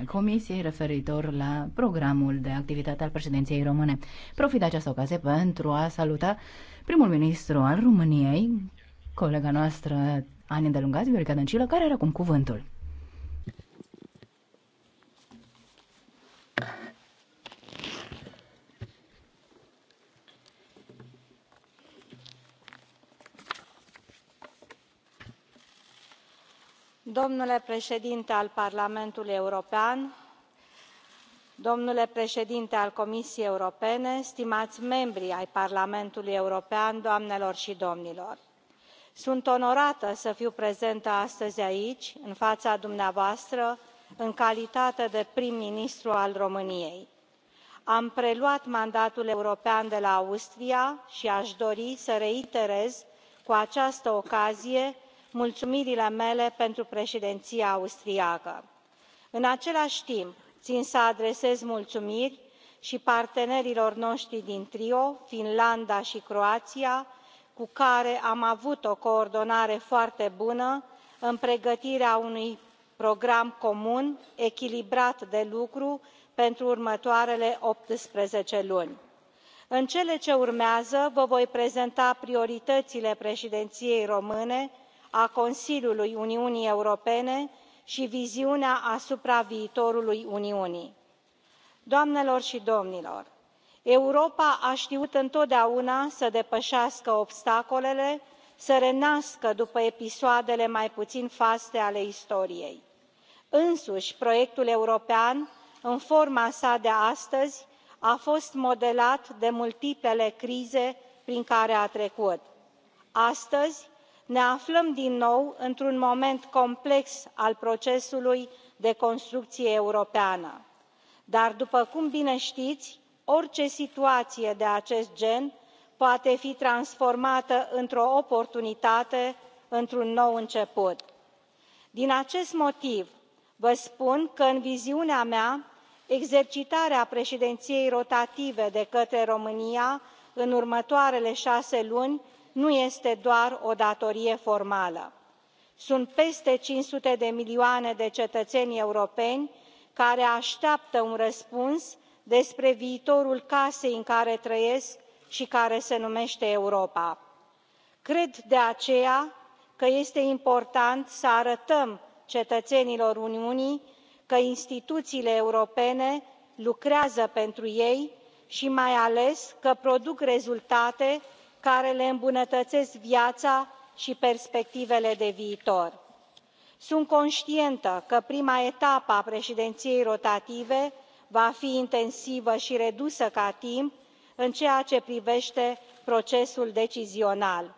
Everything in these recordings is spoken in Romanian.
al Comisiei referitor la programul de activitate al președinției române. Profit de această ocazie pentru a saluta primul ministru al României, colega noastră ani îndelungați, Viorica Dăncilă, care are acum cuvântul. domnule președinte al parlamentului european domnule președinte al comisiei europene stimați membri ai parlamentului european doamnelor și domnilor sunt onorată să fiu prezentă astăzi aici în fața dumneavoastră în calitate de prim ministru al româniei. am preluat mandatul european de la austria și aș dori să reiterez cu această ocazie mulțumirile mele pentru președinția austriacă. în același timp țin să adresez mulțumiri și partenerilor noștri din trio finlanda și croația cu care am avut o coordonare foarte bună în pregătirea unui program comun echilibrat de lucru pentru următoarele optsprezece luni. în cele ce urmează vă voi prezenta prioritățile președinției române a consiliului uniunii europene și viziunea asupra viitorului uniunii. doamnelor și domnilor europa a știut întotdeauna să depășească obstacolele să renască după episoadele mai puțin faste ale istoriei. însuși proiectul european în forma sa de astăzi a fost modelat de multiplele crize prin care a trecut. astăzi ne aflăm din nou într un moment complex al procesului de construcție europeană dar după cum bine știți orice situație de acest gen poate fi transformată într o oportunitate într un nou început. din acest motiv vă spun că în viziunea mea exercitarea președinției rotative de către românia în următoarele șase luni nu este doar o datorie formală sunt peste cinci sute de milioane de cetățeni europeni care așteaptă un răspuns despre viitorul casei în care trăiesc și care se numește europa. cred de aceea că este important să arătăm cetățenilor uniunii că instituțiile europene lucrează pentru ei și mai ales că produc rezultate care le îmbunătățesc viața și perspectivele de viitor. sunt conștientă că prima etapă a președinției rotative va fi intensivă și redusă ca timp în ceea ce privește procesul decizional.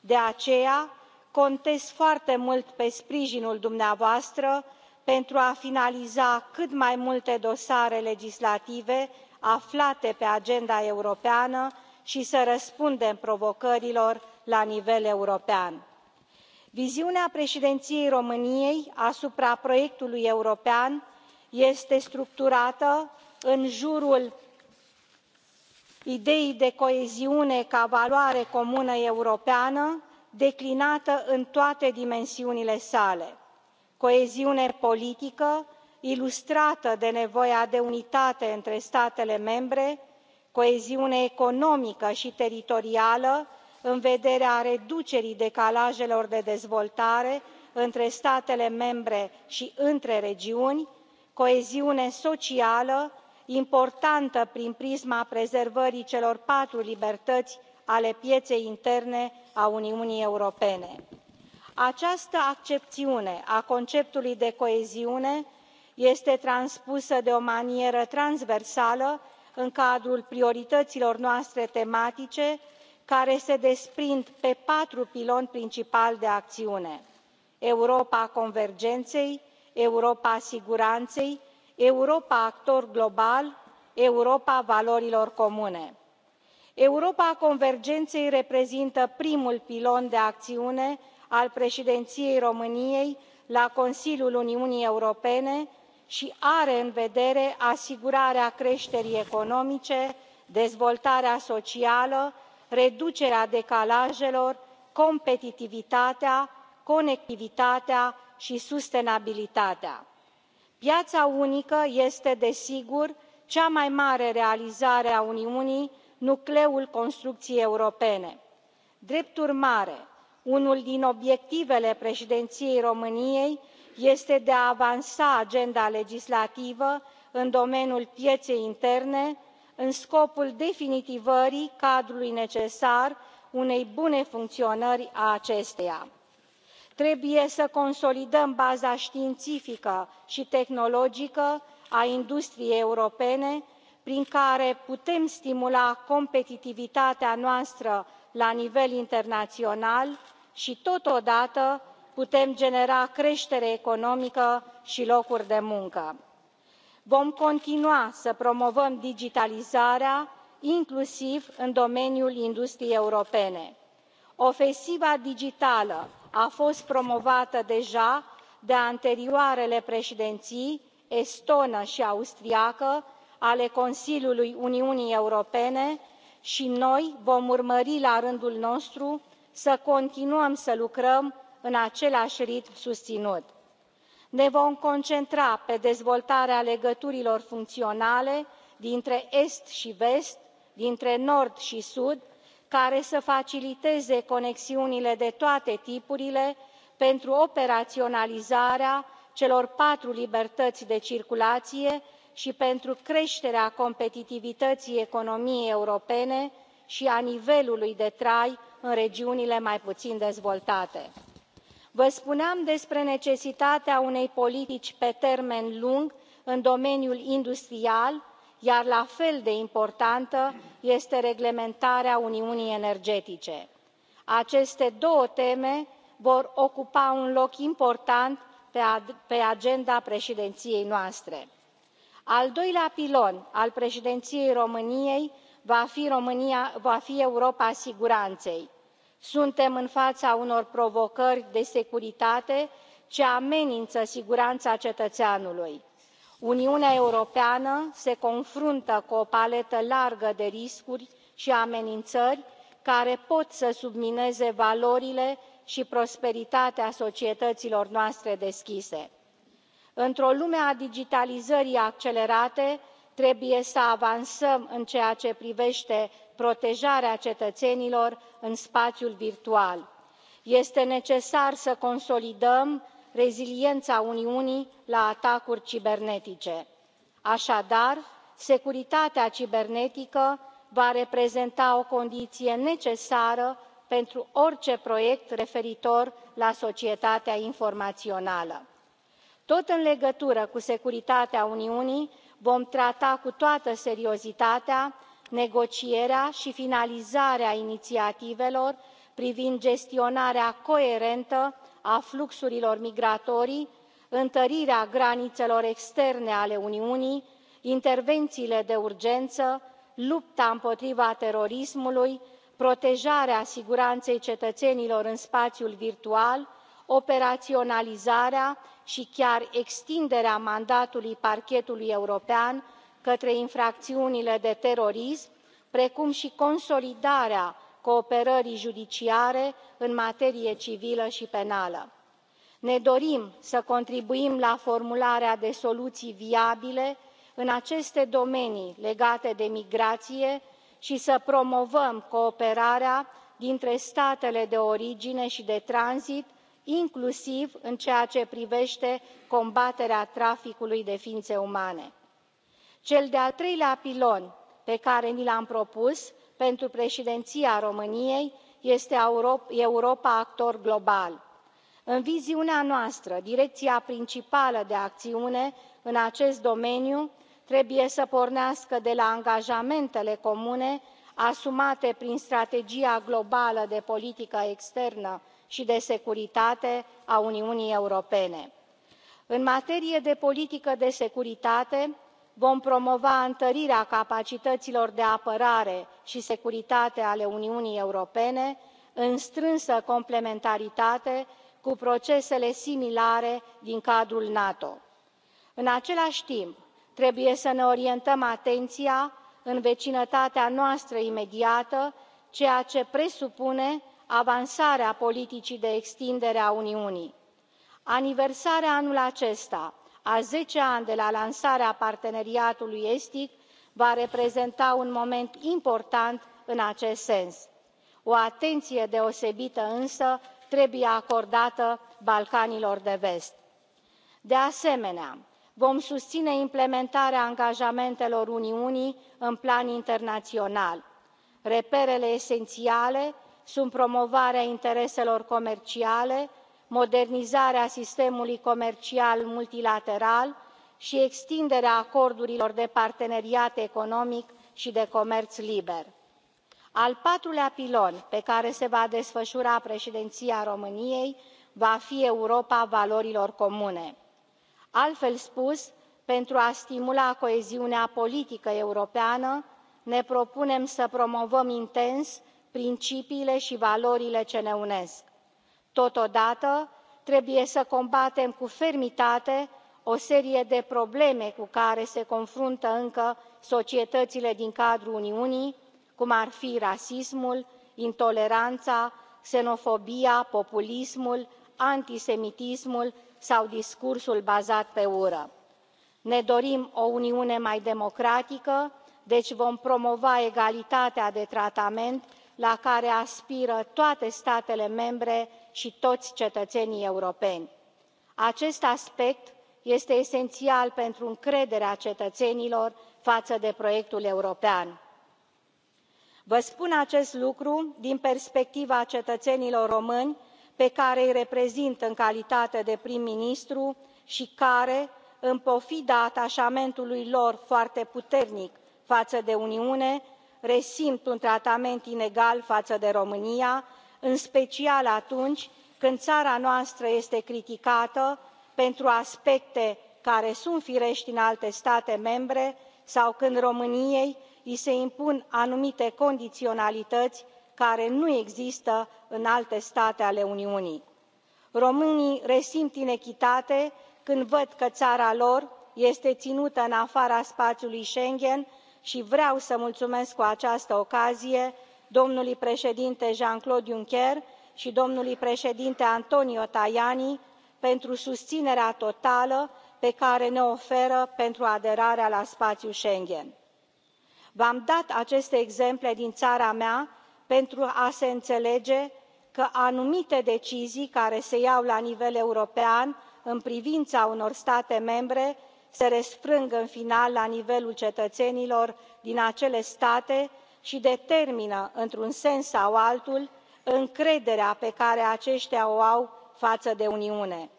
de aceea contez foarte mult pe sprijinul dumneavoastră pentru a finaliza cât mai multe dosare legislative aflate pe agenda europeană și să răspundem provocărilor la nivel european. viziunea președinției româniei asupra proiectului european este structurată în jurul ideii de coeziune ca valoare comună europeană declinată în toate dimensiunile sale coeziune politică ilustrată de nevoia de unitate între statele membre coeziune economică și teritorială în vederea reducerii decalajelor de dezvoltare între statele membre și între regiuni coeziune socială importantă prin prisma prezervării celor patru libertăți ale pieței interne a uniunii europene. această accepțiune a conceptului de coeziune este transpusă de o manieră transversală în cadrul priorităților noastre tematice care se desprind pe patru piloni principali de acțiune europa convergenței europa siguranței europa actor global europa valorilor comune. europa convergenței reprezintă primul pilon de acțiune al președinției româniei la consiliul uniunii europene și are în vedere asigurarea creșterii economice dezvoltarea socială reducerea decalajelor competitivitatea conectivitatea și sustenabilitatea. piața unică este desigur cea mai mare realizare a uniunii nucleul construcției europene. drept urmare unul din obiectivele președinției româniei este de a avansa agenda legislativă în domeniul pieței interne în scopul definitivării cadrului necesar unei bune funcționări a acesteia. trebuie să consolidăm baza științifică și tehnologică a industriei europene prin care putem stimula competitivitatea noastră la nivel internațional și totodată putem genera creștere economică și locuri de muncă. vom continua să promovăm digitalizarea inclusiv în domeniul industriei europene. ofensiva digitală a fost promovată deja de anterioarele președinții estonă și austriacă ale consiliului uniunii europene și noi vom urmări la rândul nostru să continuăm să lucrăm în același ritm susținut. ne vom concentra pe dezvoltarea legăturilor funcționale dintre est și vest dintre nord și sud care să faciliteze conexiunile de toate tipurile pentru operaționalizarea celor patru libertăți de circulație și pentru creșterea competitivității economiei europene și a nivelului de trai în regiunile mai puțin dezvoltate vă spuneam despre necesitatea unei politici pe termen lung în domeniul industrial iar la fel de importantă este reglementarea uniunii energetice. aceste două teme vor ocupa un loc important pe agenda președinției noastre. al doilea pilon al președinției româniei va fi europa siguranței suntem în fața unor provocări de securitate ce amenință siguranța cetățeanului. uniunea europeană se confruntă cu o paletă largă de riscuri și amenințări care pot să submineze valorile și prosperitatea societăților noastre deschise. într o lume a digitalizării accelerate trebuie să avansăm în ceea ce privește protejarea cetățenilor în spațiul virtual. este necesar să consolidăm reziliența uniunii la atacuri cibernetice. așadar securitatea cibernetică va reprezenta o condiție necesară pentru orice proiect referitor la societatea informațională. tot în legătură cu securitatea uniunii vom trata cu toată seriozitatea negocierea și finalizarea inițiativelor privind gestionarea coerentă a fluxurilor migratorii întărirea granițelor externe ale uniunii intervențiile de urgență lupta împotriva terorismului protejarea siguranței cetățenilor în spațiul virtual operaționalizarea și chiar extinderea mandatului parchetului european către infracțiunile de terorism precum și consolidarea cooperării judiciare în materie civilă și penală. ne dorim să contribuim la formularea de soluții viabile în aceste domenii legate de migrație și să promovăm cooperarea dintre statele de origine și de tranzit inclusiv în ceea ce privește combaterea traficului de ființe umane cel de al treilea pilon pe care ni l am propus pentru președinția româniei este europa actor global. în viziunea noastră direcția principală de acțiune în acest domeniu trebuie să pornească de la angajamentele comune asumate prin strategia globală de politică externă și de securitate a uniunii europene. în materie de politică de securitate vom promova întărirea capacităților de apărare și securitate ale uniunii europene în strânsă complementaritate cu procesele similare din cadrul nato. în același timp trebuie să ne orientăm atenția în vecinătatea noastră imediată ceea ce presupune avansarea politicii de extindere a uniunii. aniversarea anul acesta a zece ani de la lansarea parteneriatului estic va reprezenta un moment important în acest sens. o atenție deosebită însă trebuie acordată balcanilor de vest. de asemenea vom susține implementarea angajamentelor uniunii în plan internațional. reperele esențiale sunt promovarea intereselor comerciale modernizarea sistemului comercial multilateral și extinderea acordurilor de parteneriat economic și de comerț liber. al patrulea pilon pe care se va desfășura președinția româniei va fi europa valorilor comune altfel spus pentru a stimula coeziunea politică europeană ne propunem să promovăm intens principiile și valorile ce ne unesc totodată trebuie să combatem cu fermitate o serie de probleme cu care se confruntă încă societățile din cadrul uniunii cum ar fi rasismul intoleranța xenofobia populismul antisemitismul sau discursul bazat pe ură. ne dorim o uniune mai democratică deci vom promova egalitatea de tratament la care aspiră toate statele membre și toți cetățenii europeni. acest aspect este esențial pentru încrederea cetățenilor față de proiectul european. vă spun acest lucru din perspectiva cetățenilor români pe care îi reprezint în calitate de prim ministru și care în pofida atașamentului lor foarte puternic față de uniune resimt un tratament inegal față de românia în special atunci când țara noastră este criticată pentru aspecte care sunt firești în alte state membre sau când româniei i se impun anumite condiționalități care nu există în alte state ale uniunii. românii resimt inechitate când văd că țara lor este ținută în afara spațiului schengen și vreau să mulțumesc cu această ocazie domnului președinte jean claude juncker și domnului președinte antonio tajani pentru susținerea totală pe care ne o oferă pentru aderarea la spațiul schengen. v am dat aceste exemple din țara mea pentru a se înțelege că anumite decizii care se iau la nivel european în privința unor state membre se răsfrâng în final la nivelul cetățenilor din acele state și determină într un sens sau altul încrederea pe care aceștia o au față de uniune.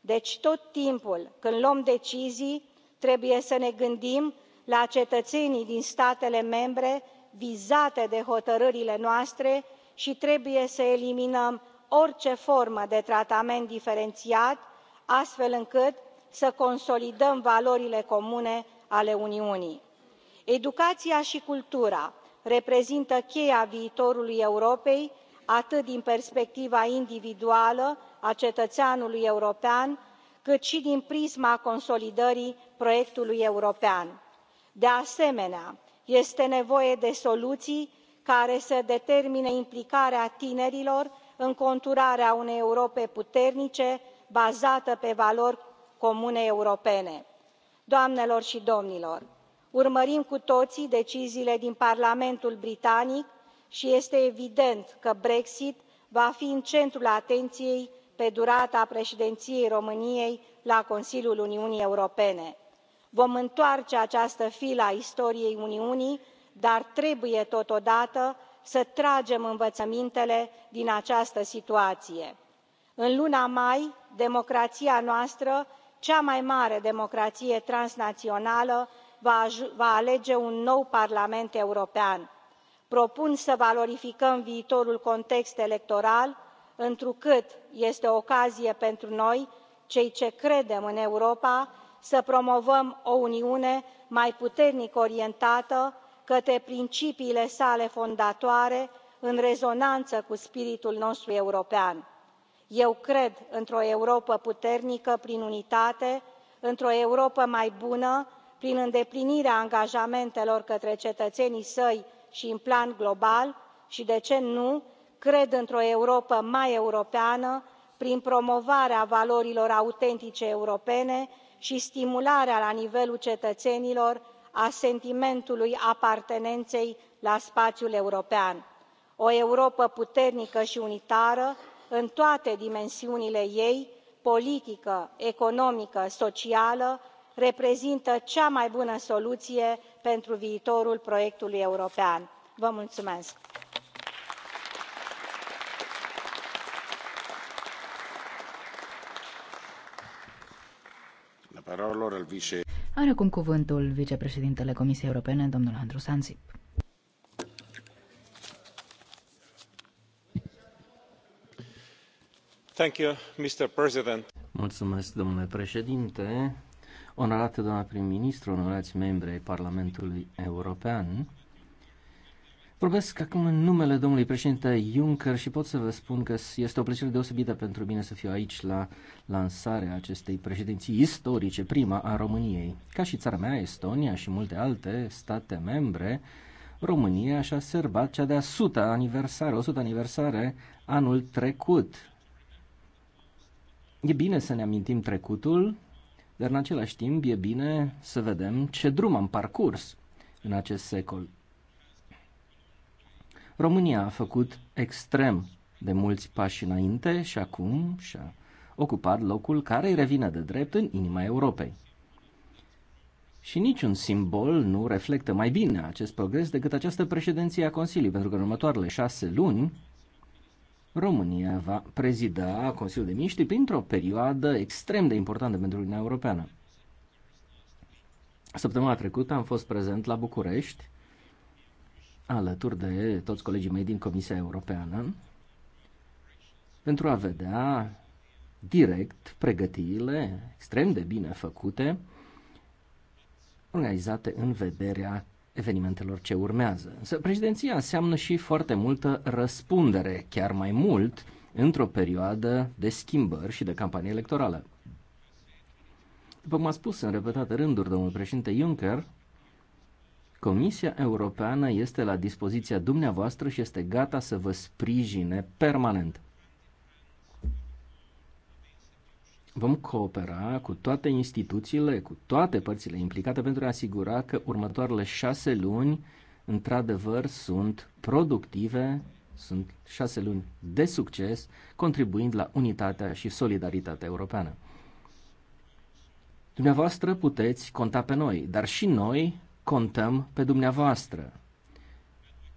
deci tot timpul când luăm decizii trebuie să ne gândim la cetățenii din statele membre vizate de hotărârile noastre și trebuie să eliminăm orice formă de tratament diferențiat astfel încât să consolidăm valorile comune ale uniunii. educația și cultura reprezintă cheia viitorului europei atât din perspectiva individuală a cetățeanului european cât și din prisma consolidării proiectului european. de asemenea este nevoie de soluții care să determine implicarea tinerilor în conturarea unei europe puternice bazată pe valori comune europene. doamnelor și domnilor urmărim cu toții deciziile din parlamentul britanic și este evident că brexit va fi în centrul atenției pe durata președinției româniei la consiliul uniunii europene. vom întoarce această filă a istoriei uniunii dar trebuie totodată să tragem învățămintele din această situație. în luna mai democrația noastră cea mai mare democrație transnațională va alege un nou parlament european. propun să valorificăm viitorul context electoral întrucât este o ocazie pentru noi cei ce credem în europa să promovăm o uniune mai puternic orientată către principiile sale fondatoare în rezonanță cu spiritul nostru european. eu cred într o europă puternică prin unitate într o europă mai bună prin îndeplinirea angajamentelor către cetățenii săi și în plan global și de ce nu cred într o europă mai europeană prin promovarea valorilor autentice europene și stimularea la nivelul cetățenilor a sentimentului apartenenței la spațiul european o europă puternică și unitară în toate dimensiunile ei politică economică socială reprezintă cea mai bună soluție pentru viitorul proiectului european. vă mulțumesc. Are acum cuvântul vicepreședintele Comisiei Europene, domnul Andrus Ansip. Mulțumesc, domnule președinte onorată doamna prim-ministru, onorați membri ai Parlamentului European, Vorbesc acum în numele domnului președinte Juncker și pot să vă spun că este o plăcere deosebită pentru mine să fiu aici la lansarea acestei președinții istorice, prima a României. Ca și țara mea, Estonia și multe alte state membre, România și-a sărbat cea de-a suta aniversare, sută aniversare anul trecut. E bine să ne amintim trecutul, dar în același timp e bine să vedem ce drum am parcurs în acest secol. România a făcut extrem de mulți pași înainte și acum și-a ocupat locul care îi revine de drept în inima Europei. Și niciun simbol nu reflectă mai bine acest progres decât această președinție a Consiliului, pentru că în următoarele șase luni România va prezida Consiliul de Miniștri printr-o perioadă extrem de importantă pentru Uniunea Europeană. Săptămâna trecută am fost prezent la București, alături de toți colegii mei din Comisia Europeană, pentru a vedea direct pregătirile extrem de bine făcute, organizate în vederea evenimentelor ce urmează. Însă președinția înseamnă și foarte multă răspundere, chiar mai mult într-o perioadă de schimbări și de campanie electorală. După cum a spus în repetate rânduri domnul președinte Juncker, Comisia Europeană este la dispoziția dumneavoastră și este gata să vă sprijine permanent. vom coopera cu toate instituțiile, cu toate părțile implicate pentru a asigura că următoarele șase luni, într-adevăr, sunt productive, sunt șase luni de succes, contribuind la unitatea și solidaritatea europeană. Dumneavoastră puteți conta pe noi, dar și noi contăm pe dumneavoastră.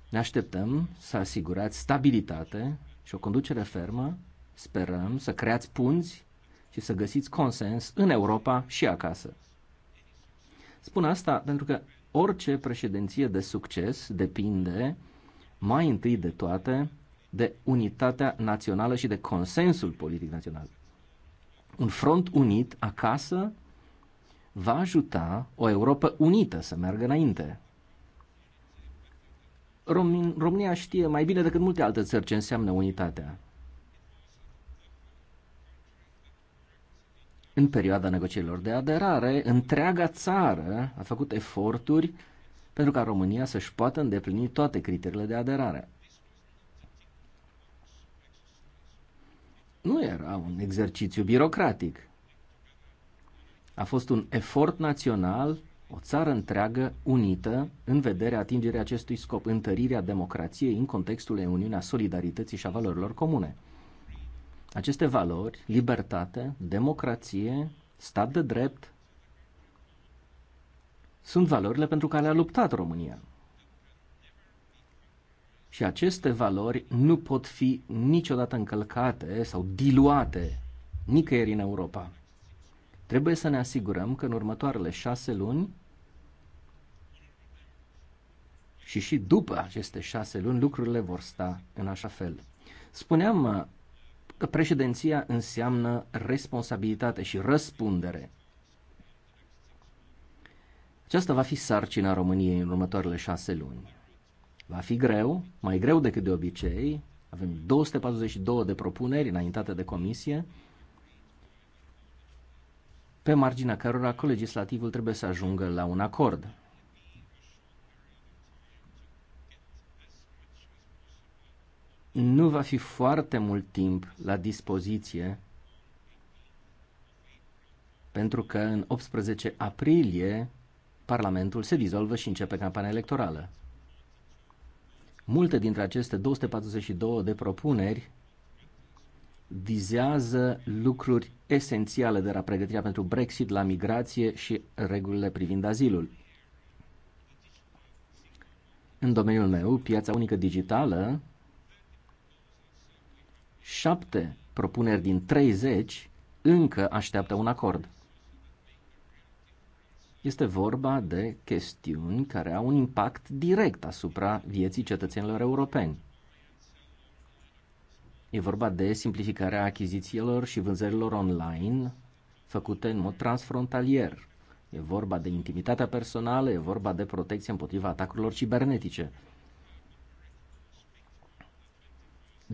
Ne așteptăm să asigurați stabilitate și o conducere fermă. Sperăm să creați punți și să găsiți consens în Europa și acasă. Spun asta pentru că orice președinție de succes depinde mai întâi de toate de unitatea națională și de consensul politic național. Un front unit acasă va ajuta o Europa unită să meargă înainte. România știe mai bine decât multe alte țări ce înseamnă unitatea. În perioada negocierilor de aderare, întreaga țară a făcut eforturi pentru ca România să-și poată îndeplini toate criteriile de aderare. Nu era un exercițiu birocratic. A fost un efort național, o țară întreagă, unită, în vederea atingerii acestui scop, întărirea democrației în contextul Uniunea Solidarității și a Valorilor Comune. Aceste valori, libertate, democrație, stat de drept, sunt valorile pentru care a luptat România. Și aceste valori nu pot fi niciodată încălcate sau diluate nicăieri în Europa. Trebuie să ne asigurăm că în următoarele șase luni și și după aceste șase luni lucrurile vor sta în așa fel. Spuneam că președinția înseamnă responsabilitate și răspundere. Aceasta va fi sarcina României în următoarele șase luni. Va fi greu, mai greu decât de obicei. Avem 242 de propuneri înaintate de comisie, pe marginea cărora colegislativul trebuie să ajungă la un acord. nu va fi foarte mult timp la dispoziție pentru că în 18 aprilie Parlamentul se dizolvă și începe campania electorală. Multe dintre aceste 242 de propuneri vizează lucruri esențiale de la pregătirea pentru Brexit, la migrație și regulile privind azilul. În domeniul meu, piața unică digitală șapte propuneri din 30 încă așteaptă un acord. Este vorba de chestiuni care au un impact direct asupra vieții cetățenilor europeni. E vorba de simplificarea achizițiilor și vânzărilor online făcute în mod transfrontalier. E vorba de intimitatea personală, e vorba de protecție împotriva atacurilor cibernetice.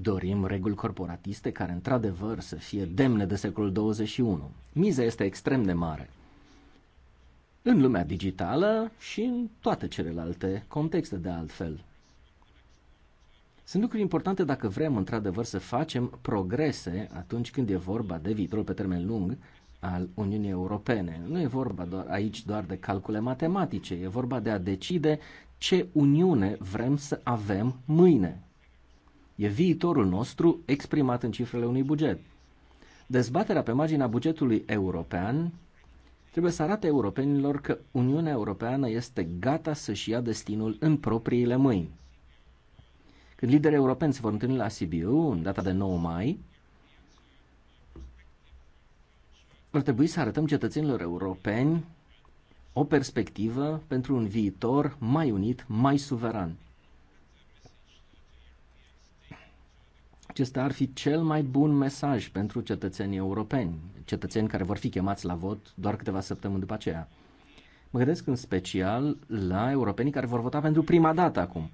Dorim reguli corporatiste care, într-adevăr, să fie demne de secolul 21. Miza este extrem de mare. În lumea digitală și în toate celelalte contexte, de altfel. Sunt lucruri importante dacă vrem, într-adevăr, să facem progrese atunci când e vorba de viitorul pe termen lung al Uniunii Europene. Nu e vorba doar, aici doar de calcule matematice, e vorba de a decide ce Uniune vrem să avem mâine. E viitorul nostru exprimat în cifrele unui buget. Dezbaterea pe marginea bugetului european trebuie să arate europenilor că Uniunea Europeană este gata să-și ia destinul în propriile mâini. Când liderii europeni se vor întâlni la Sibiu, în data de 9 mai, vor trebui să arătăm cetățenilor europeni o perspectivă pentru un viitor mai unit, mai suveran. Acesta ar fi cel mai bun mesaj pentru cetățenii europeni, cetățeni care vor fi chemați la vot doar câteva săptămâni după aceea. Mă gândesc în special la europenii care vor vota pentru prima dată acum.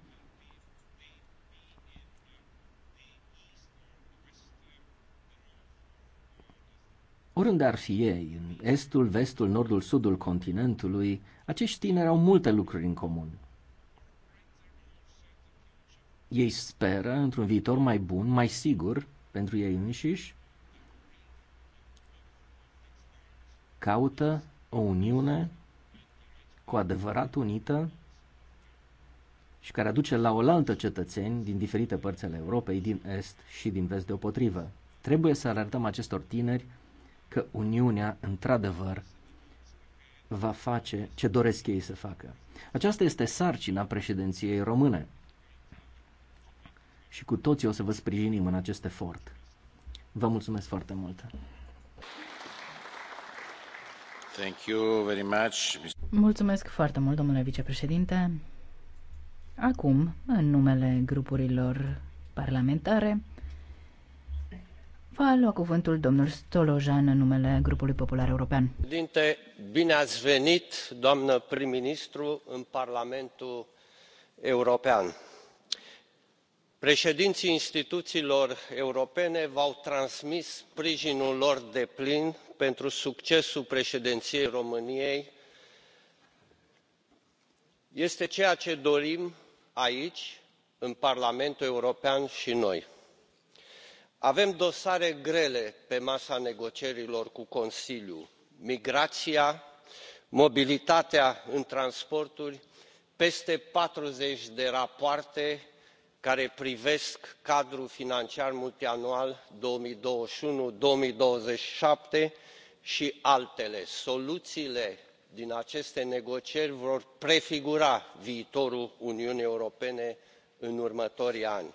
Oriunde ar fi ei, în estul, vestul, nordul, sudul continentului, acești tineri au multe lucruri în comun. Ei speră într-un viitor mai bun, mai sigur pentru ei înșiși, caută o uniune cu adevărat unită și care aduce la oaltă cetățeni din diferite părți ale Europei, din Est și din Vest deopotrivă. Trebuie să arătăm acestor tineri că Uniunea, într-adevăr, va face ce doresc ei să facă. Aceasta este sarcina președinției române și cu toții o să vă sprijinim în acest efort. Vă mulțumesc foarte mult! Thank you very much. Mulțumesc foarte mult, domnule vicepreședinte. Acum, în numele grupurilor parlamentare, va lua cuvântul domnul Stolojan în numele grupului popular european. Dinte, bine ați venit, doamnă prim-ministru, în Parlamentul European președinții instituțiilor europene v au transmis sprijinul lor deplin pentru succesul președinției româniei. este ceea ce dorim aici în parlamentul european și noi. avem dosare grele pe masa negocierilor cu consiliul migrația mobilitatea în transporturi peste patruzeci de rapoarte care privesc cadrul financiar multianual două mii douăzeci și unu două mii douăzeci și șapte și altele soluțiile din aceste negocieri vor prefigura viitorul uniunii europene în următorii ani.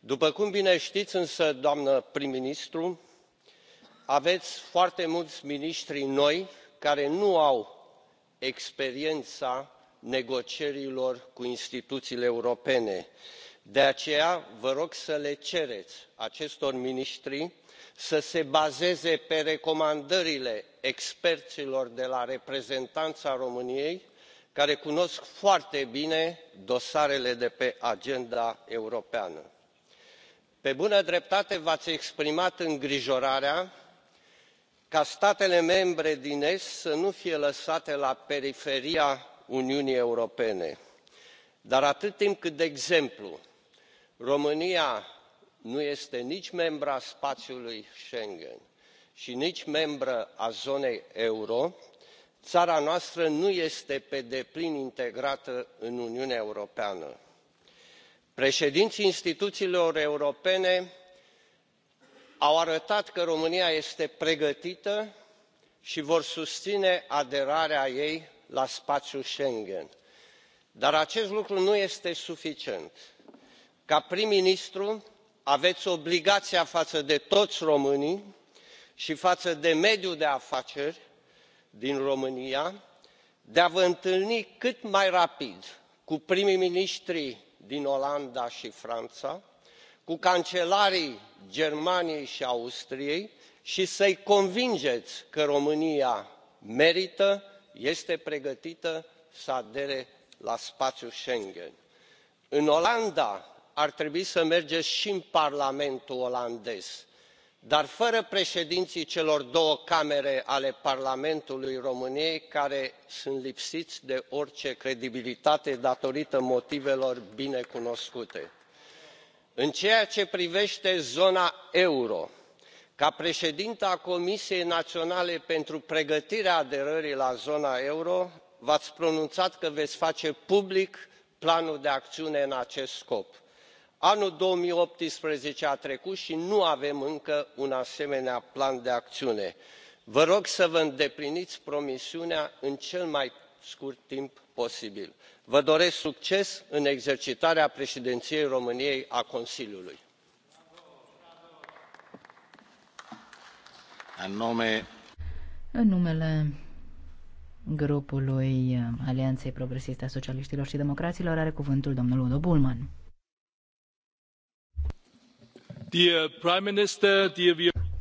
după cum bine știți însă doamnă prim ministru aveți foarte mulți miniștri noi care nu au experiența negocierilor cu instituțiile europene de aceea vă rog să le cereți acestor miniștri să se bazeze pe recomandările experților de la reprezentanța româniei care cunosc foarte bine dosarele de pe agenda europeană. pe bună dreptate v ați exprimat îngrijorarea ca statele membre din est să nu fie lăsate la periferia uniunii europene dar atât timp cât de exemplu românia nu este nici membră a spațiului schengen și nici membră a zonei euro țara noastră nu este pe deplin integrată în uniunea europeană. președinții instituțiilor europene au arătat că românia este pregătită și vor susține aderarea ei la spațiul schengen dar acest lucru nu este suficient ca prim ministru aveți obligația față de toți românii și față de mediul de afaceri din românia de a vă întâlni cât mai rapid cu prim miniștrii din olanda și franța cu cancelarii germaniei și austriei și să i convingeți că românia merită este pregătită să adere la spațiul schengen. în olanda ar trebui să mergeți și în parlamentul olandez dar fără președinții celor două camere ale parlamentului româniei care sunt lipsiți de orice credibilitate datorită motivelor bine cunoscute. în ceea ce privește zona euro ca președintă a comisiei naționale pentru pregătirea aderării la zona euro v ați pronunțat că veți face public planul de acțiune în acest scop anul două mii optsprezece a trecut și nu avem încă un asemenea plan de acțiune. vă rog să vă îndepliniți promisiunea în cel mai scurt timp posibil. vă doresc succes în exercitarea președinției româniei a consiliului. în numele grupului alianței progresiste a socialiștilor și democraților are cuvântul domnul udo bullmann.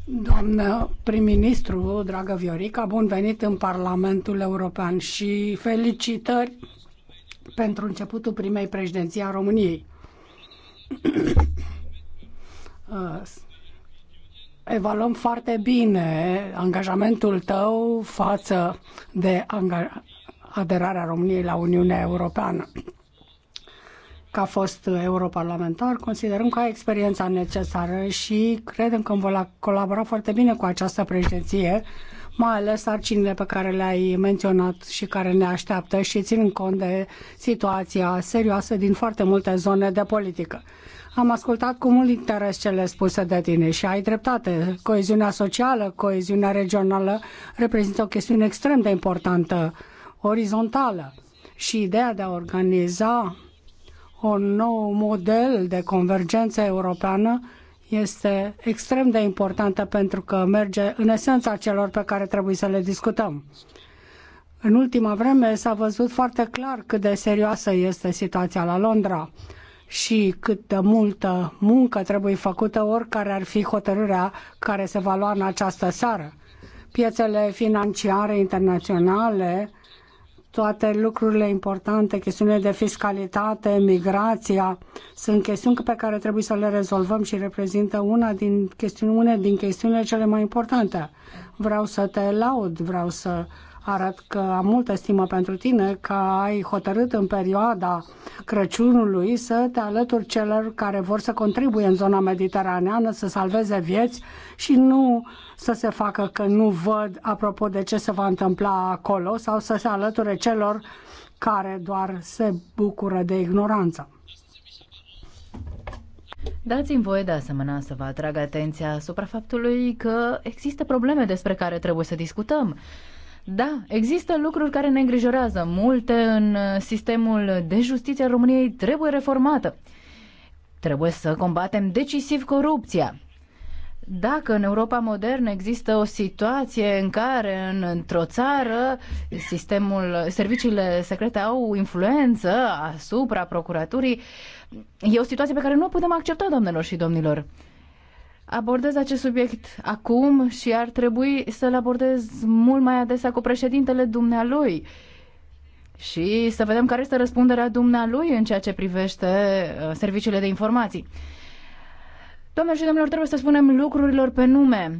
Doamnă prim-ministru, dragă Viorica, bun venit în Parlamentul European și felicitări pentru începutul primei președinții a României. Evaluăm foarte bine angajamentul tău față de aderarea României la Uniunea Europeană. ca fost europarlamentar, considerăm că ai experiența necesară și credem că vom colabora foarte bine cu această președinție, mai ales sarcinile pe care le-ai menționat și care ne așteaptă și ținând cont de situația serioasă din foarte multe zone de politică. Am ascultat cu mult interes cele spuse de tine și ai dreptate. Coeziunea socială, coeziunea regională reprezintă o chestiune extrem de importantă, orizontală. Și ideea de a organiza un nou model de convergență europeană este extrem de importantă pentru că merge în esența celor pe care trebuie să le discutăm. În ultima vreme s-a văzut foarte clar cât de serioasă este situația la Londra și cât de multă muncă trebuie făcută oricare ar fi hotărârea care se va lua în această seară. Piețele financiare internaționale toate lucrurile importante, chestiunile de fiscalitate, migrația, sunt chestiuni pe care trebuie să le rezolvăm și reprezintă una din chestiuni, une din chestiunile cele mai importante. Vreau să te laud, vreau să arăt că am multă stimă pentru tine că ai hotărât în perioada Crăciunului să te alături celor care vor să contribuie în zona mediteraneană, să salveze vieți și nu să se facă că nu văd apropo de ce se va întâmpla acolo sau să se alăture celor care doar se bucură de ignoranță. Dați-mi voie de asemenea să vă atrag atenția asupra faptului că există probleme despre care trebuie să discutăm. Da, există lucruri care ne îngrijorează. Multe în uh, sistemul de justiție al României trebuie reformată. Trebuie să combatem decisiv corupția. Dacă în Europa modernă există o situație în care în, într-o țară sistemul, serviciile secrete au influență asupra procuraturii, e o situație pe care nu o putem accepta, doamnelor și domnilor. Abordez acest subiect acum și ar trebui să-l abordez mult mai adesea cu președintele dumnealui și să vedem care este răspunderea dumnealui în ceea ce privește uh, serviciile de informații. Doamnelor și domnilor, trebuie să spunem lucrurilor pe nume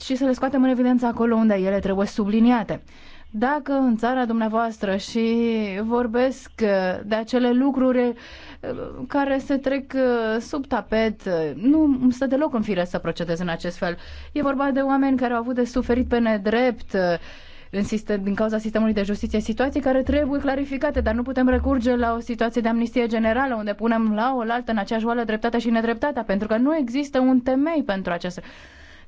și să le scoatem în evidență acolo unde ele trebuie subliniate dacă în țara dumneavoastră și vorbesc uh, de acele lucruri uh, care se trec uh, sub tapet, nu stă deloc în fire să procedez în acest fel. E vorba de oameni care au avut de suferit pe nedrept în sistem, din cauza sistemului de justiție, situații care trebuie clarificate, dar nu putem recurge la o situație de amnistie generală, unde punem la oaltă în aceeași oală dreptatea și nedreptatea, pentru că nu există un temei pentru această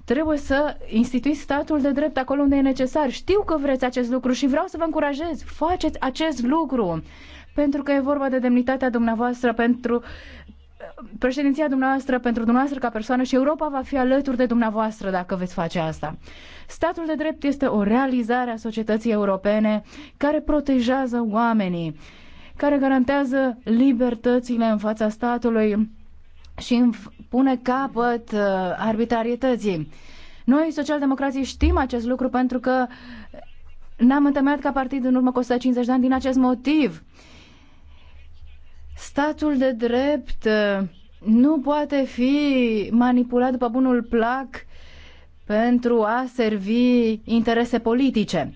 Trebuie să instituiți statul de drept acolo unde e necesar. Știu că vreți acest lucru și vreau să vă încurajez. Faceți acest lucru. Pentru că e vorba de demnitatea dumneavoastră, pentru președinția dumneavoastră, pentru dumneavoastră ca persoană și Europa va fi alături de dumneavoastră dacă veți face asta. Statul de drept este o realizare a societății europene care protejează oamenii, care garantează libertățile în fața statului, și îmi pune capăt uh, arbitrarietății. Noi, socialdemocrații, știm acest lucru pentru că ne-am întemeiat ca partid în urmă cu 150 de ani din acest motiv. Statul de drept uh, nu poate fi manipulat după bunul plac pentru a servi interese politice.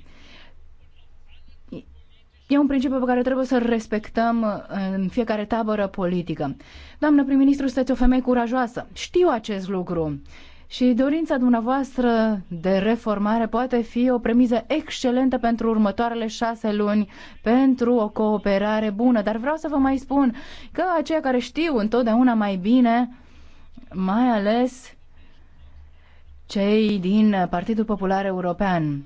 E un principiu pe care trebuie să-l respectăm uh, în fiecare tabără politică. Doamnă prim-ministru, sunteți o femeie curajoasă. Știu acest lucru. Și dorința dumneavoastră de reformare poate fi o premiză excelentă pentru următoarele șase luni, pentru o cooperare bună. Dar vreau să vă mai spun că aceia care știu întotdeauna mai bine, mai ales cei din Partidul Popular European,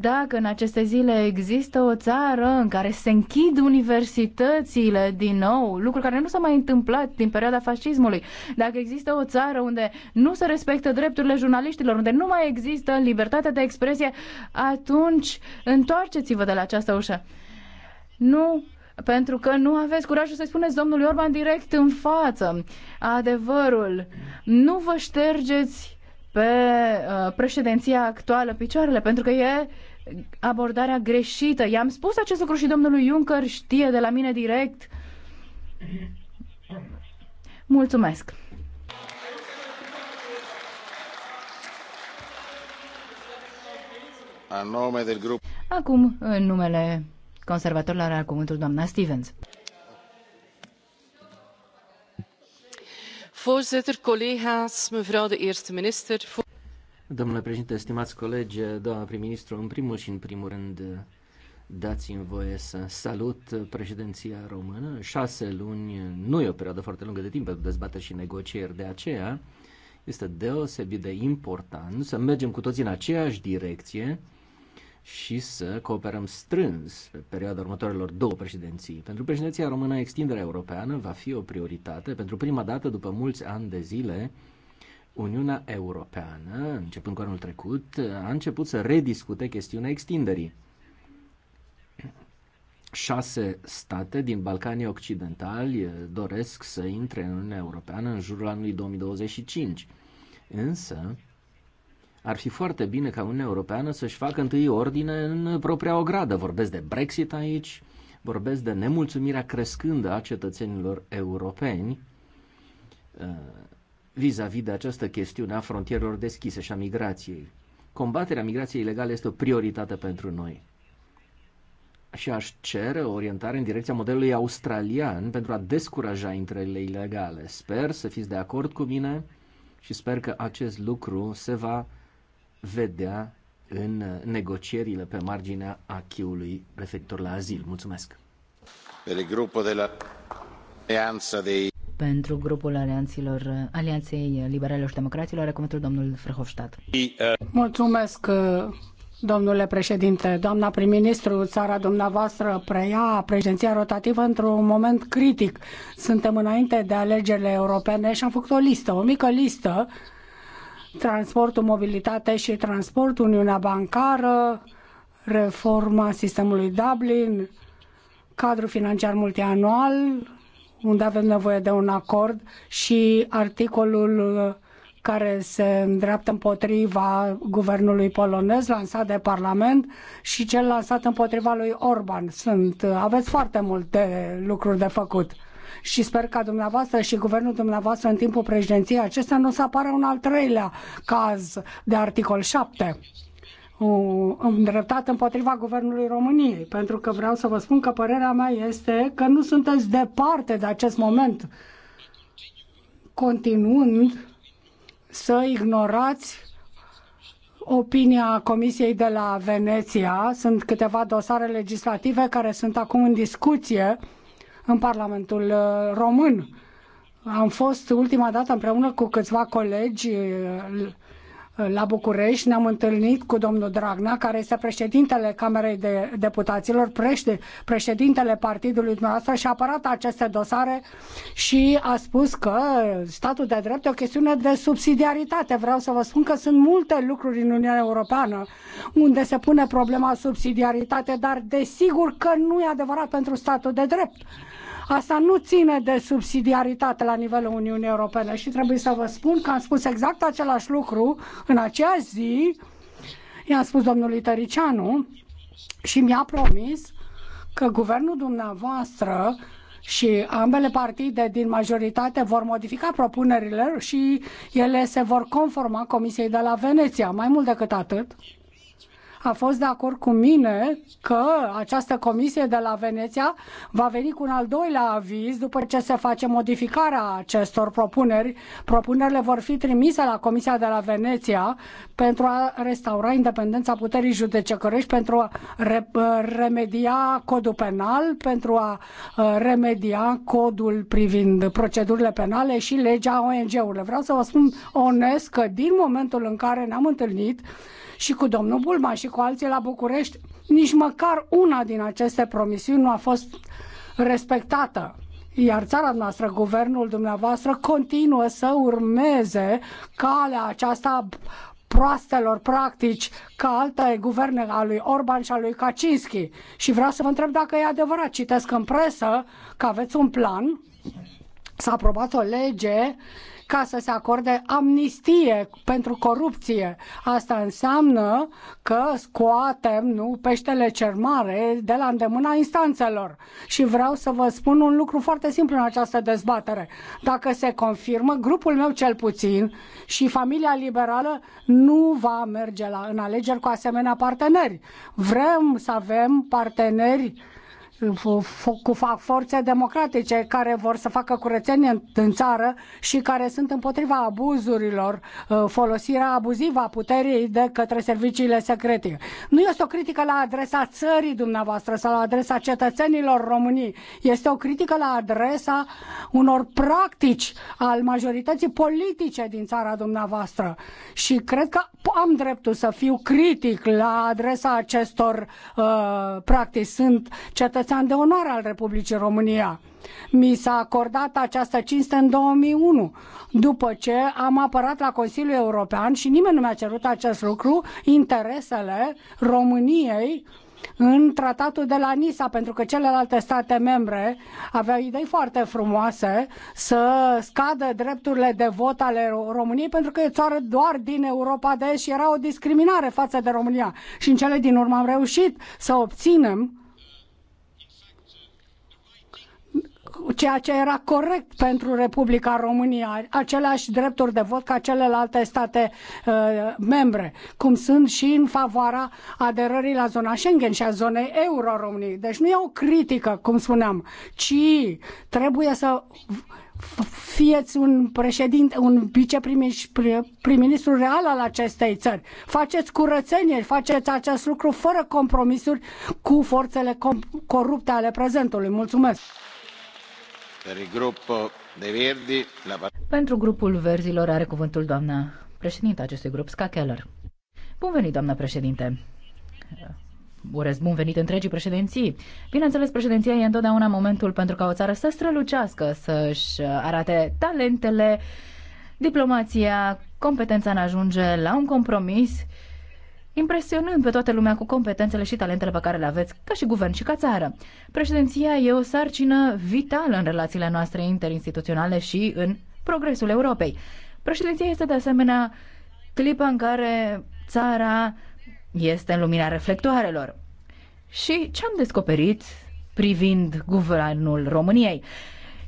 dacă în aceste zile există o țară în care se închid universitățile din nou, lucruri care nu s-a mai întâmplat din perioada fascismului, dacă există o țară unde nu se respectă drepturile jurnaliștilor, unde nu mai există libertatea de expresie, atunci întoarceți-vă de la această ușă. Nu pentru că nu aveți curajul să-i spuneți domnului Orban direct în față adevărul. Nu vă ștergeți pe uh, președinția actuală picioarele, pentru că e abordarea greșită. I-am spus acest lucru și domnului Juncker știe de la mine direct. Mulțumesc! Acum, în numele conservatorilor, are cuvântul doamna Stevens. Voorzitter, collega's, mevrouw de eerste minister. Domnule președinte, stimați colegi, doamna prim-ministru, în primul și în primul rând dați-mi voie să salut președinția română. Șase luni nu e o perioadă foarte lungă de timp pentru dezbateri și negocieri, de aceea este deosebit de important să mergem cu toții în aceeași direcție și să cooperăm strâns pe perioada următoarelor două președinții. Pentru președinția română, extinderea europeană va fi o prioritate. Pentru prima dată, după mulți ani de zile, Uniunea Europeană, începând cu anul trecut, a început să rediscute chestiunea extinderii. Șase state din Balcanii Occidentali doresc să intre în Uniunea Europeană în jurul anului 2025. Însă, ar fi foarte bine ca Uniunea Europeană să-și facă întâi ordine în propria ogradă. Vorbesc de Brexit aici, vorbesc de nemulțumirea crescândă a cetățenilor europeni uh, vis-a-vis -vis de această chestiune a frontierelor deschise și a migrației. Combaterea migrației ilegale este o prioritate pentru noi. Și aș cere o orientare în direcția modelului australian pentru a descuraja intrările ilegale. Sper să fiți de acord cu mine și sper că acest lucru se va vedea în uh, negocierile pe marginea achiului referitor la azil. Mulțumesc! Pentru grupul alianților, Alianței Liberalilor și Democraților, are cuvântul domnul Frăhofstadt. Mulțumesc, uh, domnule președinte. Doamna prim-ministru, țara dumneavoastră preia președinția rotativă într-un moment critic. Suntem înainte de alegerile europene și am făcut o listă, o mică listă, transportul, mobilitate și transport, Uniunea Bancară, reforma sistemului Dublin, cadrul financiar multianual, unde avem nevoie de un acord și articolul care se îndreaptă împotriva guvernului polonez lansat de Parlament și cel lansat împotriva lui Orban. Sunt, aveți foarte multe lucruri de făcut și sper ca dumneavoastră și guvernul dumneavoastră în timpul președinției acestea nu o să apară un al treilea caz de articol 7 îndreptat împotriva guvernului României, pentru că vreau să vă spun că părerea mea este că nu sunteți departe de acest moment, continuând să ignorați opinia Comisiei de la Veneția. Sunt câteva dosare legislative care sunt acum în discuție în Parlamentul uh, Român. Am fost ultima dată împreună cu câțiva colegi uh, Uh, la București, ne-am întâlnit cu domnul Dragnea, care este președintele Camerei de Deputaților, președintele partidului dumneavoastră și a apărat aceste dosare și a spus că statul de drept e o chestiune de subsidiaritate. Vreau să vă spun că sunt multe lucruri în Uniunea Europeană unde se pune problema subsidiaritate, dar desigur că nu e adevărat pentru statul de drept Asta nu ține de subsidiaritate la nivelul Uniunii Europene și trebuie să vă spun că am spus exact același lucru în acea zi, i-am spus domnului Tăricianu și mi-a promis că guvernul dumneavoastră și ambele partide din majoritate vor modifica propunerile și ele se vor conforma Comisiei de la Veneția. Mai mult decât atât, a fost de acord cu mine că această comisie de la Veneția va veni cu un al doilea aviz după ce se face modificarea acestor propuneri. Propunerile vor fi trimise la Comisia de la Veneția pentru a restaura independența puterii judecătorești, pentru a uh, remedia codul penal, pentru a uh, remedia codul privind procedurile penale și legea ONG-urilor. Vreau să vă spun onest că din momentul în care ne-am întâlnit, și cu domnul Bulman și cu alții la București, nici măcar una din aceste promisiuni nu a fost respectată. Iar țara noastră, guvernul dumneavoastră, continuă să urmeze calea aceasta proastelor practici ca alte guverne a lui Orban și a lui Kaczynski. Și vreau să vă întreb dacă e adevărat. Citesc în presă că aveți un plan, s-a aprobat o lege ca să se acorde amnistie pentru corupție. Asta înseamnă că scoatem nu, peștele cer mare de la îndemâna instanțelor. Și vreau să vă spun un lucru foarte simplu în această dezbatere. Dacă se confirmă, grupul meu cel puțin și familia liberală nu va merge la, în alegeri cu asemenea parteneri. Vrem să avem parteneri cu forțe democratice care vor să facă curățenie în, în țară și care sunt împotriva abuzurilor, uh, folosirea abuzivă a puterii de către serviciile secrete. Nu este o critică la adresa țării dumneavoastră sau la adresa cetățenilor românii. Este o critică la adresa unor practici al majorității politice din țara dumneavoastră. Și cred că am dreptul să fiu critic la adresa acestor uh, practici. Sunt cetățeni cetățean de onoare al Republicii România. Mi s-a acordat această cinste în 2001, după ce am apărat la Consiliul European și nimeni nu mi-a cerut acest lucru, interesele României în tratatul de la Nisa, pentru că celelalte state membre aveau idei foarte frumoase să scadă drepturile de vot ale României, pentru că e țară doar din Europa de Est și era o discriminare față de România. Și în cele din urmă am reușit să obținem ceea ce era corect pentru Republica România, aceleași drepturi de vot ca celelalte state uh, membre, cum sunt și în favoarea aderării la zona Schengen și a zonei euro României. Deci nu e o critică, cum spuneam, ci trebuie să fieți un președinte, un viceprim-ministru real al acestei țări. Faceți curățenie, faceți acest lucru fără compromisuri cu forțele corupte ale prezentului. Mulțumesc! Pentru grupul verzilor are cuvântul doamna președinte acestui grup, Ska Keller. Bun venit, doamna președinte! Urez bun venit întregii președinții. Bineînțeles, președinția e întotdeauna momentul pentru ca o țară să strălucească, să-și arate talentele, diplomația, competența în ajunge la un compromis impresionând pe toată lumea cu competențele și talentele pe care le aveți, ca și guvern și ca țară. Președinția e o sarcină vitală în relațiile noastre interinstituționale și în progresul Europei. Președinția este de asemenea clipa în care țara este în lumina reflectoarelor. Și ce am descoperit privind guvernul României?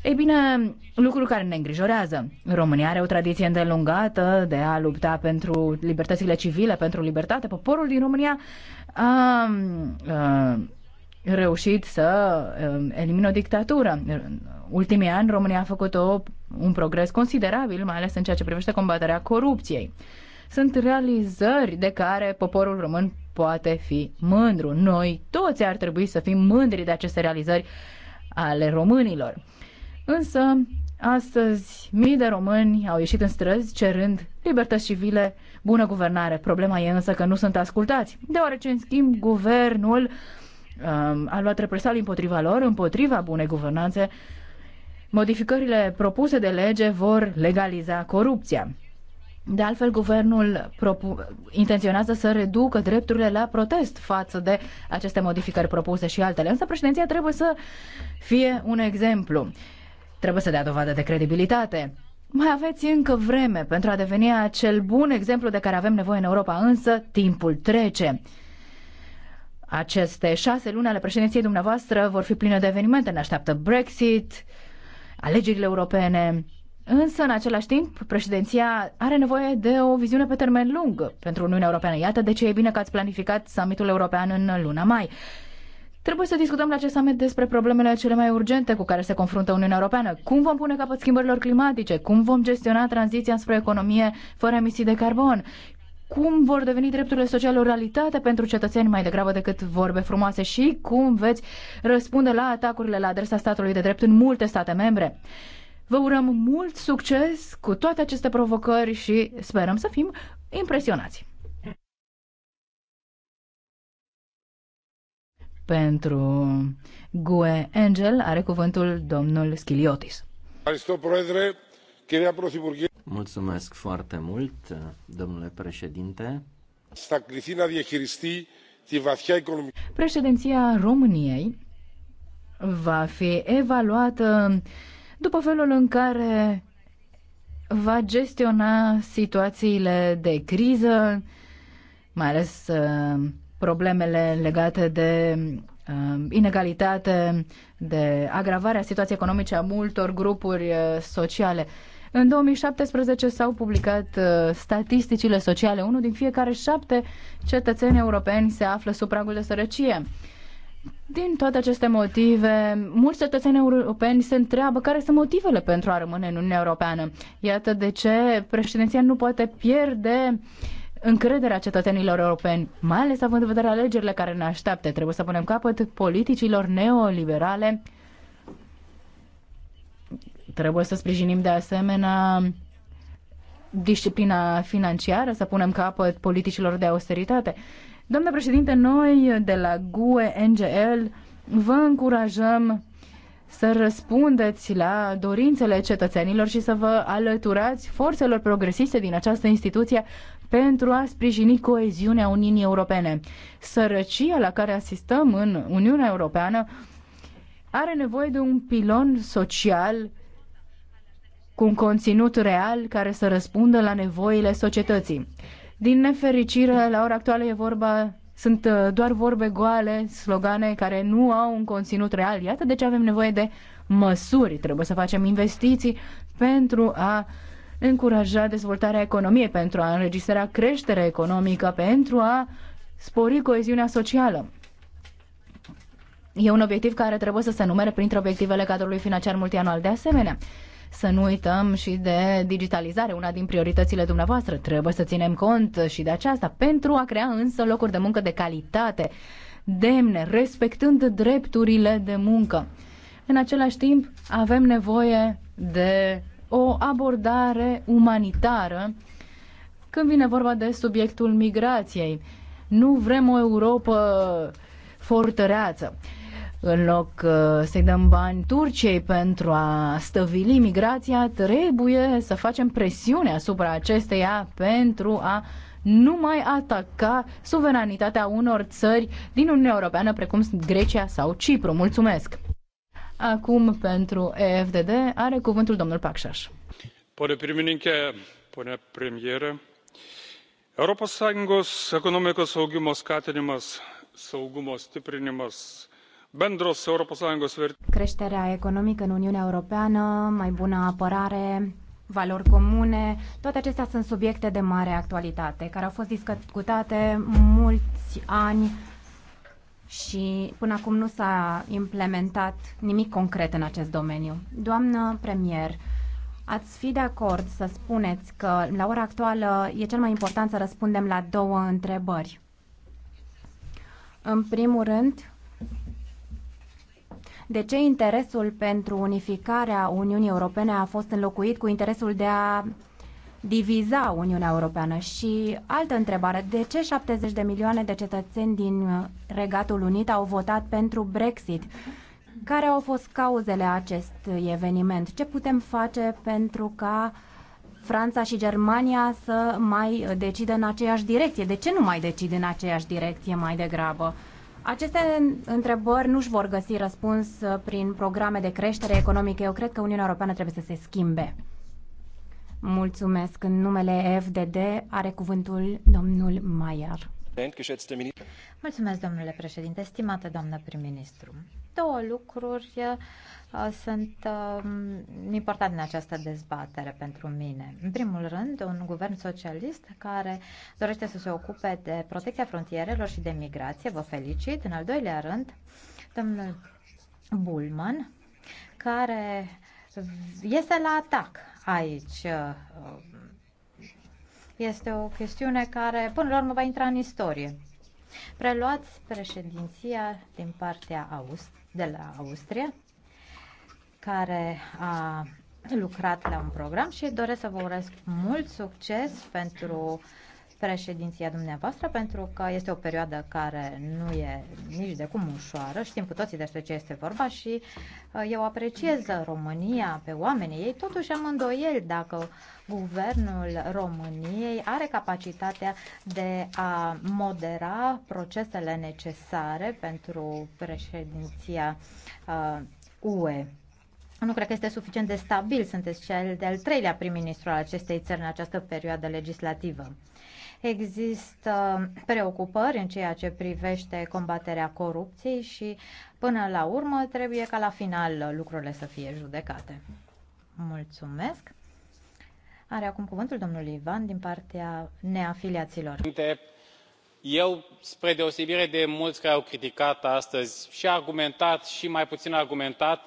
Ei bine, lucruri care ne îngrijorează. România are o tradiție îndelungată de a lupta pentru libertățile civile, pentru libertate. Poporul din România a, a reușit să elimine o dictatură. ultimii ani, România a făcut o, un progres considerabil, mai ales în ceea ce privește combaterea corupției. Sunt realizări de care poporul român poate fi mândru. Noi toți ar trebui să fim mândri de aceste realizări ale românilor. Însă, astăzi, mii de români au ieșit în străzi cerând libertăți civile, bună guvernare. Problema e însă că nu sunt ascultați, deoarece, în schimb, guvernul um, a luat represalii împotriva lor, împotriva bunei guvernanțe. Modificările propuse de lege vor legaliza corupția. De altfel, guvernul intenționează să reducă drepturile la protest față de aceste modificări propuse și altele. Însă președinția trebuie să fie un exemplu. Trebuie să dea dovadă de credibilitate. Mai aveți încă vreme pentru a deveni acel bun exemplu de care avem nevoie în Europa, însă timpul trece. Aceste șase luni ale președinției dumneavoastră vor fi pline de evenimente. Ne așteaptă Brexit, alegerile europene. Însă, în același timp, președinția are nevoie de o viziune pe termen lung pentru Uniunea Europeană. Iată de ce e bine că ați planificat summitul european în luna mai. Trebuie să discutăm la acest summit despre problemele cele mai urgente cu care se confruntă Uniunea Europeană. Cum vom pune capăt schimbărilor climatice? Cum vom gestiona tranziția spre economie fără emisii de carbon? Cum vor deveni drepturile sociale o realitate pentru cetățeni mai degrabă decât vorbe frumoase și cum veți răspunde la atacurile la adresa statului de drept în multe state membre? Vă urăm mult succes cu toate aceste provocări și sperăm să fim impresionați. Pentru GUE Angel are cuvântul domnul Schiliotis. Mulțumesc foarte mult, domnule președinte. Președinția României va fi evaluată după felul în care va gestiona situațiile de criză, mai ales problemele legate de um, inegalitate, de agravarea situației economice a multor grupuri uh, sociale. În 2017 s-au publicat uh, statisticile sociale. Unul din fiecare șapte cetățeni europeni se află sub pragul de sărăcie. Din toate aceste motive, mulți cetățeni europeni se întreabă care sunt motivele pentru a rămâne în Uniunea Europeană. Iată de ce președinția nu poate pierde uh, încrederea cetățenilor europeni, mai ales având în vedere alegerile care ne așteaptă. Trebuie să punem capăt politicilor neoliberale. Trebuie să sprijinim de asemenea disciplina financiară, să punem capăt politicilor de austeritate. Domnule președinte, noi de la GUE NGL vă încurajăm să răspundeți la dorințele cetățenilor și să vă alăturați forțelor progresiste din această instituție pentru a sprijini coeziunea Uniunii Europene. Sărăcia la care asistăm în Uniunea Europeană are nevoie de un pilon social cu un conținut real care să răspundă la nevoile societății. Din nefericire, la ora actuală e vorba sunt uh, doar vorbe goale, slogane care nu au un conținut real. Iată de ce avem nevoie de măsuri. Trebuie să facem investiții pentru a încuraja dezvoltarea economiei, pentru a înregistra creștere economică, pentru a spori coeziunea socială. E un obiectiv care trebuie să se numere printre obiectivele cadrului financiar multianual. De asemenea, să nu uităm și de digitalizare, una din prioritățile dumneavoastră. Trebuie să ținem cont și de aceasta pentru a crea însă locuri de muncă de calitate, demne, respectând drepturile de muncă. În același timp, avem nevoie de o abordare umanitară când vine vorba de subiectul migrației. Nu vrem o Europa fortăreață. În loc uh, să-i dăm bani Turciei pentru a stăvili migrația, trebuie să facem presiune asupra acesteia pentru a nu mai ataca suveranitatea unor țări din Uniunea Europeană, precum Grecia sau Cipru. Mulțumesc! Acum, pentru EFDD, are cuvântul domnul Pacșaș. Pone pirmininke, pone premjeră, Europos Sąjungos ekonomikos augimo skatinimas, saugumo stiprinimas, Creșterea economică în Uniunea Europeană, mai bună apărare, valori comune, toate acestea sunt subiecte de mare actualitate, care au fost discutate mulți ani și până acum nu s-a implementat nimic concret în acest domeniu. Doamnă premier, ați fi de acord să spuneți că la ora actuală e cel mai important să răspundem la două întrebări. În primul rând, de ce interesul pentru unificarea Uniunii Europene a fost înlocuit cu interesul de a diviza Uniunea Europeană? Și altă întrebare, de ce 70 de milioane de cetățeni din Regatul Unit au votat pentru Brexit? Care au fost cauzele acestui eveniment? Ce putem face pentru ca Franța și Germania să mai decidă în aceeași direcție? De ce nu mai decid în aceeași direcție mai degrabă? Aceste întrebări nu își vor găsi răspuns uh, prin programe de creștere economică. Eu cred că Uniunea Europeană trebuie să se schimbe. Mulțumesc. În numele FDD are cuvântul domnul Maier. Mulțumesc, domnule președinte, stimată doamnă prim-ministru. Două lucruri uh, Uh, sunt um, importante în această dezbatere pentru mine. În primul rând, un guvern socialist care dorește să se ocupe de protecția frontierelor și de migrație. Vă felicit. În al doilea rând, domnul Bulman, care este la atac aici. Uh, este o chestiune care, până la urmă, va intra în istorie. Preluați președinția din partea Aust- de la Austria care a lucrat la un program și doresc să vă urez mult succes pentru președinția dumneavoastră, pentru că este o perioadă care nu e nici de cum ușoară, știm cu toții despre ce este vorba și uh, eu apreciez România pe oamenii ei, totuși am îndoieli dacă guvernul României are capacitatea de a modera procesele necesare pentru președinția UE. Uh, nu cred că este suficient de stabil. Sunteți cel de-al treilea prim-ministru al acestei țări în această perioadă legislativă. Există preocupări în ceea ce privește combaterea corupției și până la urmă trebuie ca la final lucrurile să fie judecate. Mulțumesc. Are acum cuvântul domnul Ivan din partea neafiliaților. Eu, spre deosebire de mulți care au criticat astăzi și argumentat și mai puțin argumentat,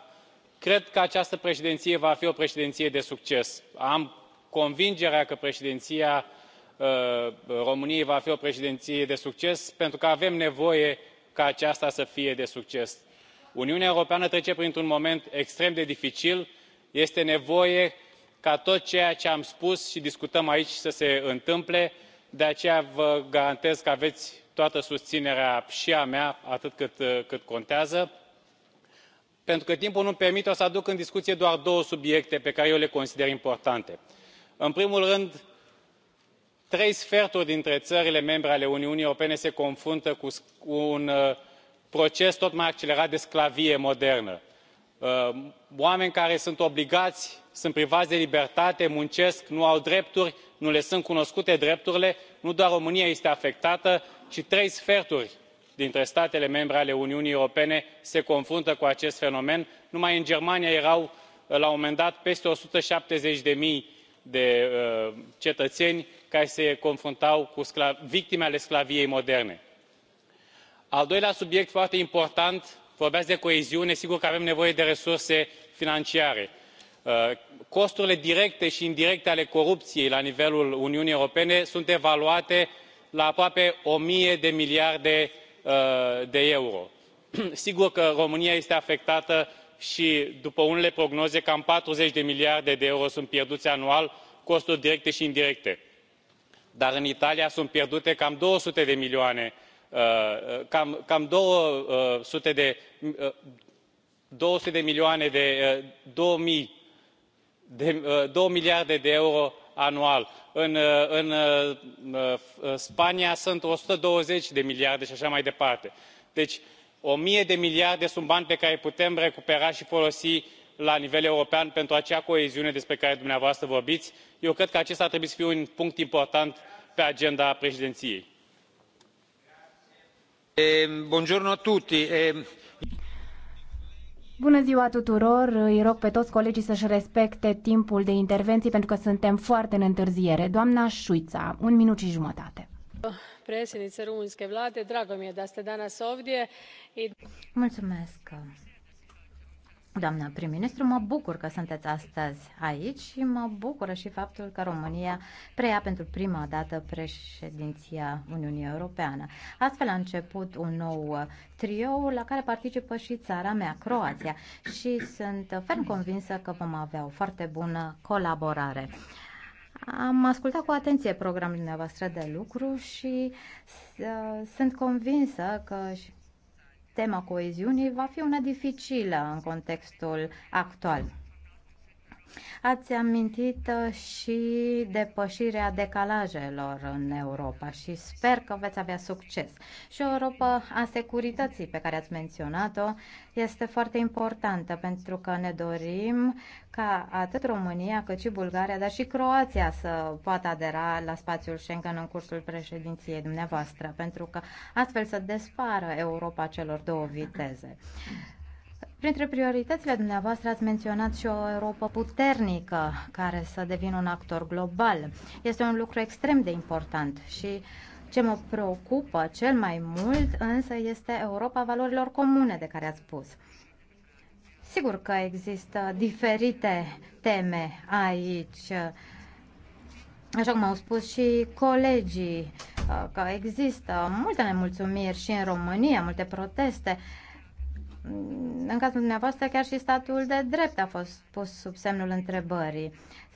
cred că această președinție va fi o președinție de succes. am convingerea că președinția uh, româniei va fi o președinție de succes pentru că avem nevoie ca aceasta să fie de succes. uniunea europeană trece printr un moment extrem de dificil este nevoie ca tot ceea ce am spus și discutăm aici să se întâmple de aceea vă garantez că aveți toată susținerea și a mea atât cât uh, contează pentru că timpul nu mi permite o să aduc în discuție doar două subiecte pe care eu le consider importante în primul rând trei sferturi dintre țările membre ale uniunii europene se confruntă cu un uh, proces tot mai accelerat de sclavie modernă uh, oameni care sunt obligați sunt privați de libertate muncesc nu au drepturi nu le sunt cunoscute drepturile nu doar românia este afectată ci trei sferturi dintre statele membre ale uniunii europene se confruntă cu acest fenomen numai în germania erau la un moment dat peste o sută șaptezeci zero de uh, cetățeni care se confruntau cu victime ale sclaviei moderne. al doilea subiect foarte important vorbeați de coeziune sigur că avem nevoie de resurse financiare. Uh, costurile directe și indirecte ale corupției la nivelul uniunii europene sunt evaluate la aproape o mie de miliarde Uh, de euro. sigur că românia este afectată și după unele prognoze cam patruzeci de miliarde de euro sunt pierduți anual costuri directe și indirecte dar în italia sunt pierdute cam două sute de milioane uh, cam uh, două sute de milioane de două miliarde de euro anual în uh, uh, uh, spania sunt o sută douăzeci de miliarde și așa mai departe deci o mie de miliarde sunt bani pe care îi putem recupera și folosi la nivel european pentru acea coeziune despre care dumneavoastră vorbiți. eu cred că acesta ar trebui să fie un punct important pe agenda președinției. Bună ziua tuturor! Îi rog pe toți colegii să-și respecte timpul de intervenții pentru că suntem foarte în întârziere. Doamna Șuița, un minut și jumătate. Președinte rumunske vlade, drago mi e da ste danas ovdje. Mulțumesc, Doamna prim-ministru, mă bucur că sunteți astăzi aici și mă bucură și faptul că România preia pentru prima dată președinția Uniunii Europeană. Astfel a început un nou trio la care participă și țara mea, Croația, și sunt ferm convinsă că vom avea o foarte bună colaborare. Am ascultat cu atenție programul dumneavoastră de lucru și uh, sunt convinsă că și tema coeziunii va fi una dificilă în contextul actual. Ați amintit uh, și depășirea decalajelor în Europa și sper că veți avea succes. Și o Europa a securității pe care ați menționat-o este foarte importantă pentru că ne dorim ca atât România cât și Bulgaria, dar și Croația să poată adera la spațiul Schengen în cursul președinției dumneavoastră, pentru că astfel să despară Europa celor două viteze. Printre prioritățile dumneavoastră ați menționat și o Europa puternică care să devină un actor global. Este un lucru extrem de important și ce mă preocupă cel mai mult însă este Europa valorilor comune de care ați spus. Sigur că există diferite teme aici, așa cum au spus și colegii, că există multe nemulțumiri și în România, multe proteste, în cazul dumneavoastră, chiar și statul de drept a fost pus sub semnul întrebării.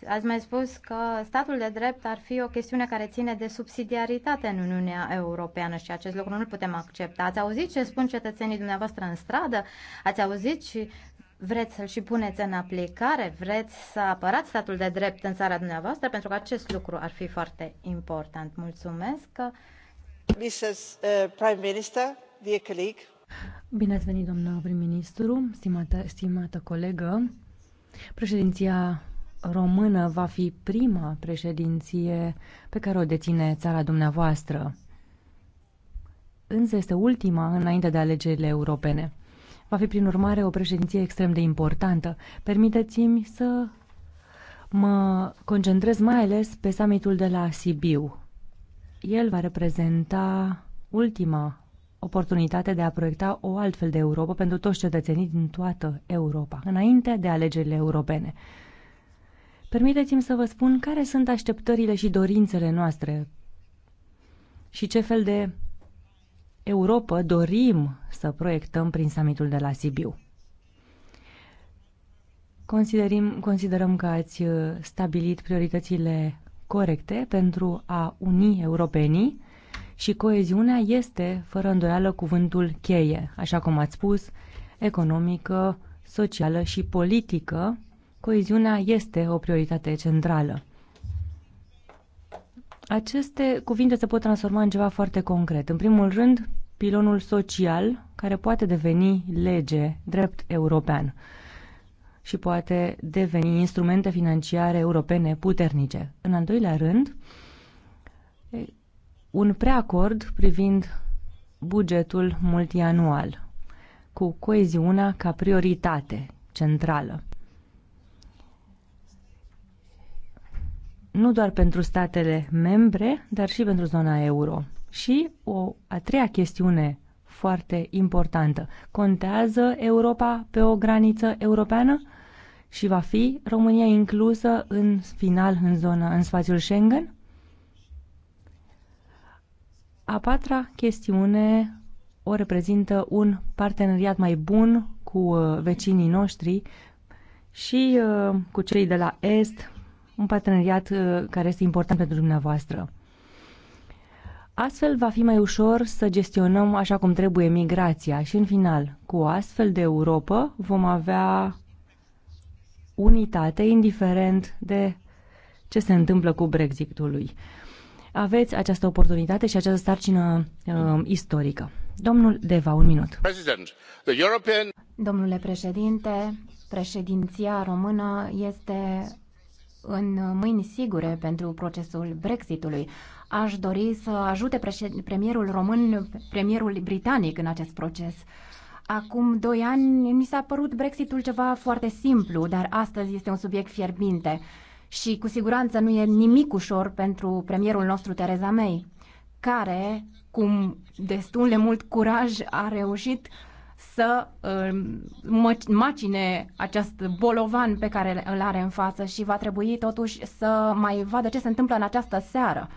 Ați mai spus că statul de drept ar fi o chestiune care ține de subsidiaritate în Uniunea Europeană și acest lucru nu-l putem accepta. Ați auzit ce spun cetățenii dumneavoastră în stradă? Ați auzit și vreți să-l și puneți în aplicare? Vreți să apărați statul de drept în țara dumneavoastră? Pentru că acest lucru ar fi foarte important. Mulțumesc. Mrs. Prime Minister, dear colleague, Bine ați venit, doamnă prim-ministru, stimată, stimată colegă. Președinția română va fi prima președinție pe care o deține țara dumneavoastră. Însă este ultima înainte de alegerile europene. Va fi, prin urmare, o președinție extrem de importantă. Permiteți-mi să mă concentrez mai ales pe summitul de la Sibiu. El va reprezenta ultima oportunitate de a proiecta o altfel de Europa pentru toți cetățenii din toată Europa, înainte de alegerile europene. Permiteți-mi să vă spun care sunt așteptările și dorințele noastre și ce fel de Europa dorim să proiectăm prin summitul de la Sibiu. Considerim, considerăm că ați uh, stabilit prioritățile corecte pentru a uni europenii și coeziunea este, fără îndoială, cuvântul cheie, așa cum ați spus, economică, socială și politică. Coeziunea este o prioritate centrală. Aceste cuvinte se pot transforma în ceva foarte concret. În primul rând, pilonul social, care poate deveni lege, drept european și poate deveni instrumente financiare europene puternice. În al doilea rând, un preacord privind bugetul multianual, cu coeziunea ca prioritate centrală. Nu doar pentru statele membre, dar și pentru zona euro. Și o a treia chestiune foarte importantă. Contează Europa pe o graniță europeană și va fi România inclusă în final în zona în spațiul Schengen? A patra chestiune o reprezintă un parteneriat mai bun cu uh, vecinii noștri și uh, cu cei de la Est, un parteneriat uh, care este important pentru dumneavoastră. Astfel va fi mai ușor să gestionăm așa cum trebuie migrația și în final, cu o astfel de Europa vom avea unitate indiferent de ce se întâmplă cu Brexitului. Aveți această oportunitate și această sarcină uh, istorică. Domnul Deva, un minut. European... Domnule președinte, președinția română este în mâini sigure pentru procesul Brexitului. Aș dori să ajute premierul român, premierul britanic în acest proces. Acum doi ani mi s-a părut Brexitul ceva foarte simplu, dar astăzi este un subiect fierbinte și cu siguranță nu e nimic ușor pentru premierul nostru Tereza May, care, cu destul de mult curaj, a reușit să uh, macine acest bolovan pe care îl are în față și va trebui totuși să mai vadă ce se întâmplă în această seară.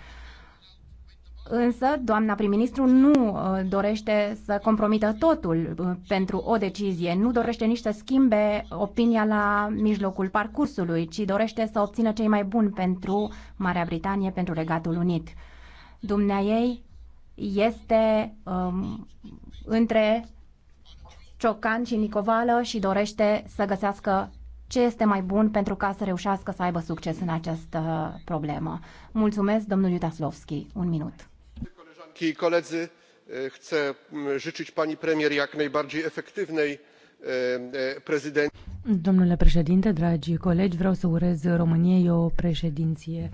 Însă, doamna prim-ministru nu uh, dorește să compromită totul uh, pentru o decizie, nu dorește nici să schimbe opinia la mijlocul parcursului, ci dorește să obțină cei mai buni pentru Marea Britanie, pentru Regatul Unit. Dumnea ei este um, între Ciocan și Nicovală și dorește să găsească ce este mai bun pentru ca să reușească să aibă succes în această problemă. Mulțumesc, domnul Iutaslovski. Un minut chcę życzyć pani premier jak najbardziej efektywnej prezydencji. Domnule președinte, dragi colegi, vreau să urez României o președinție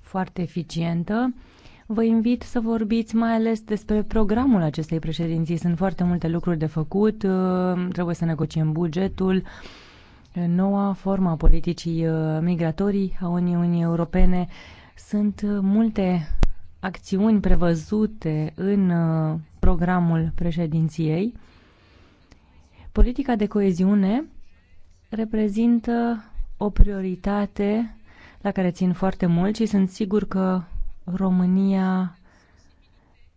foarte eficientă. Vă invit să vorbiți mai ales despre programul acestei președinții. Sunt foarte multe lucruri de făcut, trebuie să negociem bugetul, noua formă a politicii migratorii a Uniunii Europene. Sunt multe acțiuni prevăzute în uh, programul președinției, politica de coeziune reprezintă o prioritate la care țin foarte mult și sunt sigur că România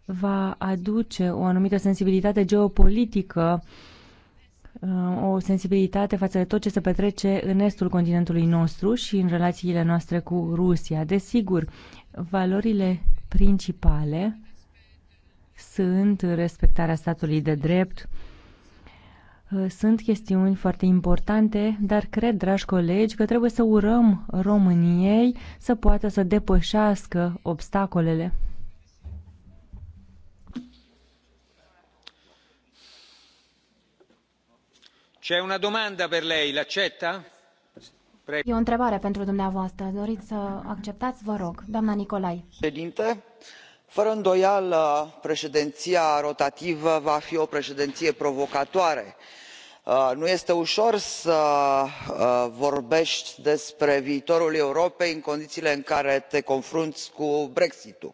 va aduce o anumită sensibilitate geopolitică, uh, o sensibilitate față de tot ce se petrece în estul continentului nostru și în relațiile noastre cu Rusia. Desigur, valorile principale sunt respectarea statului de drept, uh, sunt chestiuni foarte importante, dar cred, dragi colegi, că trebuie să urăm României să poată să depășească obstacolele. C'è una domanda per lei, l'accetta? E o întrebare pentru dumneavoastră. Doriți să acceptați? Vă rog. Doamna Nicolai. Președinte, fără îndoială, președinția rotativă va fi o președinție provocatoare. Uh, nu este ușor să uh, vorbești despre viitorul Europei în condițiile în care te confrunți cu Brexit-ul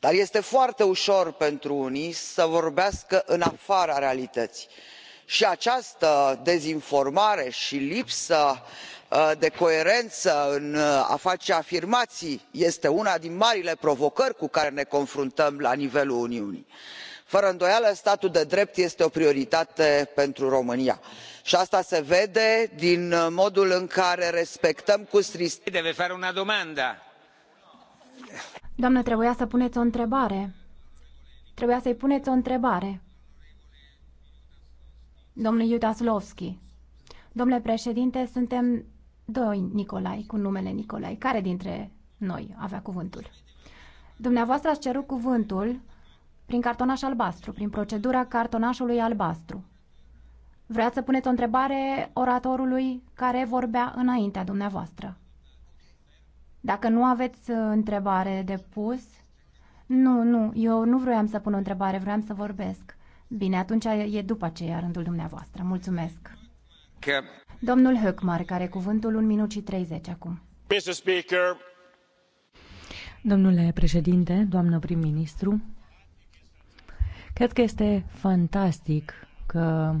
dar este foarte ușor pentru unii să vorbească în afara realității și această dezinformare și lipsă Uh, de coerență în uh, a face afirmații este una din marile provocări cu care ne confruntăm la nivelul uniunii. fără îndoială statul de drept este o prioritate pentru românia și asta se vede din uh, modul în care respectăm cu strictețe. doamnă trebuia să puneți o întrebare. trebuia să i puneți o întrebare. domnul iuda domnule președinte suntem Doi Nicolai, cu numele Nicolai. Care dintre noi avea cuvântul? Dumneavoastră ați cerut cuvântul prin cartonaș albastru, prin procedura cartonașului albastru. Vreați să puneți o întrebare oratorului care vorbea înaintea dumneavoastră. Dacă nu aveți uh, întrebare de pus, nu, nu, eu nu vroiam să pun o întrebare, vroiam să vorbesc. Bine, atunci e după aceea rândul dumneavoastră. Mulțumesc. Că Domnul Höckmark are cuvântul 1 minut și 30 acum. Mr. Speaker. Domnule președinte, doamnă prim-ministru, cred că este fantastic că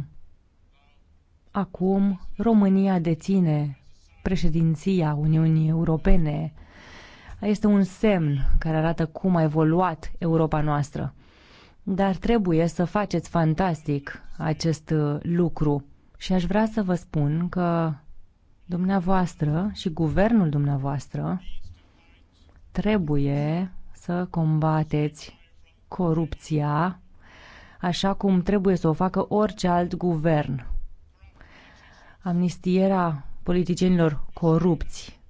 acum România deține președinția Uniunii Europene. Este un semn care arată cum a evoluat Europa noastră. Dar trebuie să faceți fantastic acest lucru. Și aș vrea să vă spun că dumneavoastră și guvernul dumneavoastră trebuie să combateți corupția așa cum trebuie să o facă orice alt guvern. Amnistierea politicienilor corupți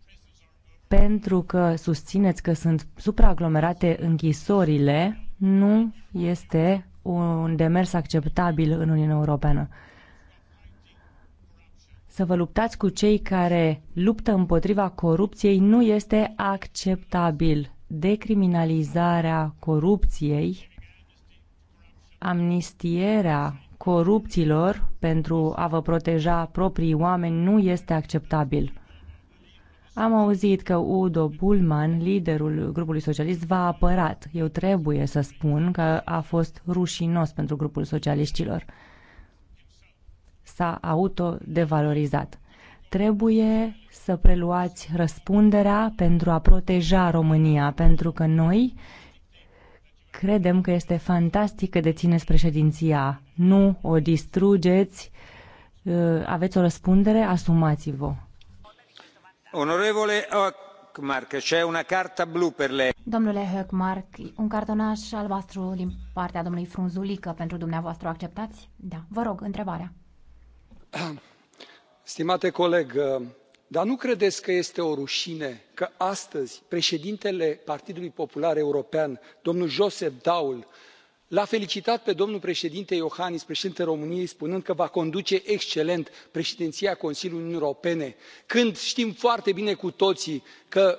pentru că susțineți că sunt supraaglomerate închisorile nu este un demers acceptabil în Uniunea Europeană să vă luptați cu cei care luptă împotriva corupției nu este acceptabil. Decriminalizarea corupției, amnistierea corupților pentru a vă proteja proprii oameni nu este acceptabil. Am auzit că Udo Bullman, liderul grupului socialist, v-a apărat. Eu trebuie să spun că a fost rușinos pentru grupul socialiștilor s-a autodevalorizat. Trebuie să preluați răspunderea pentru a proteja România, pentru că noi credem că este fantastic că dețineți președinția. Nu o distrugeți, uh, aveți o răspundere, asumați-vă. Onorevole Hökmark, c'è una carta blu per lei. Domnule Hökmark, un cartonaș albastru din partea domnului Frunzulică pentru dumneavoastră, acceptați? Da, vă rog, întrebarea. stimate coleg uh, dar nu credeți că este o rușine că astăzi președintele partidului popular european domnul joseph daul l a felicitat pe domnul președinte iohannis președintele româniei spunând că va conduce excelent președinția consiliului uniunii europene când știm foarte bine cu toții că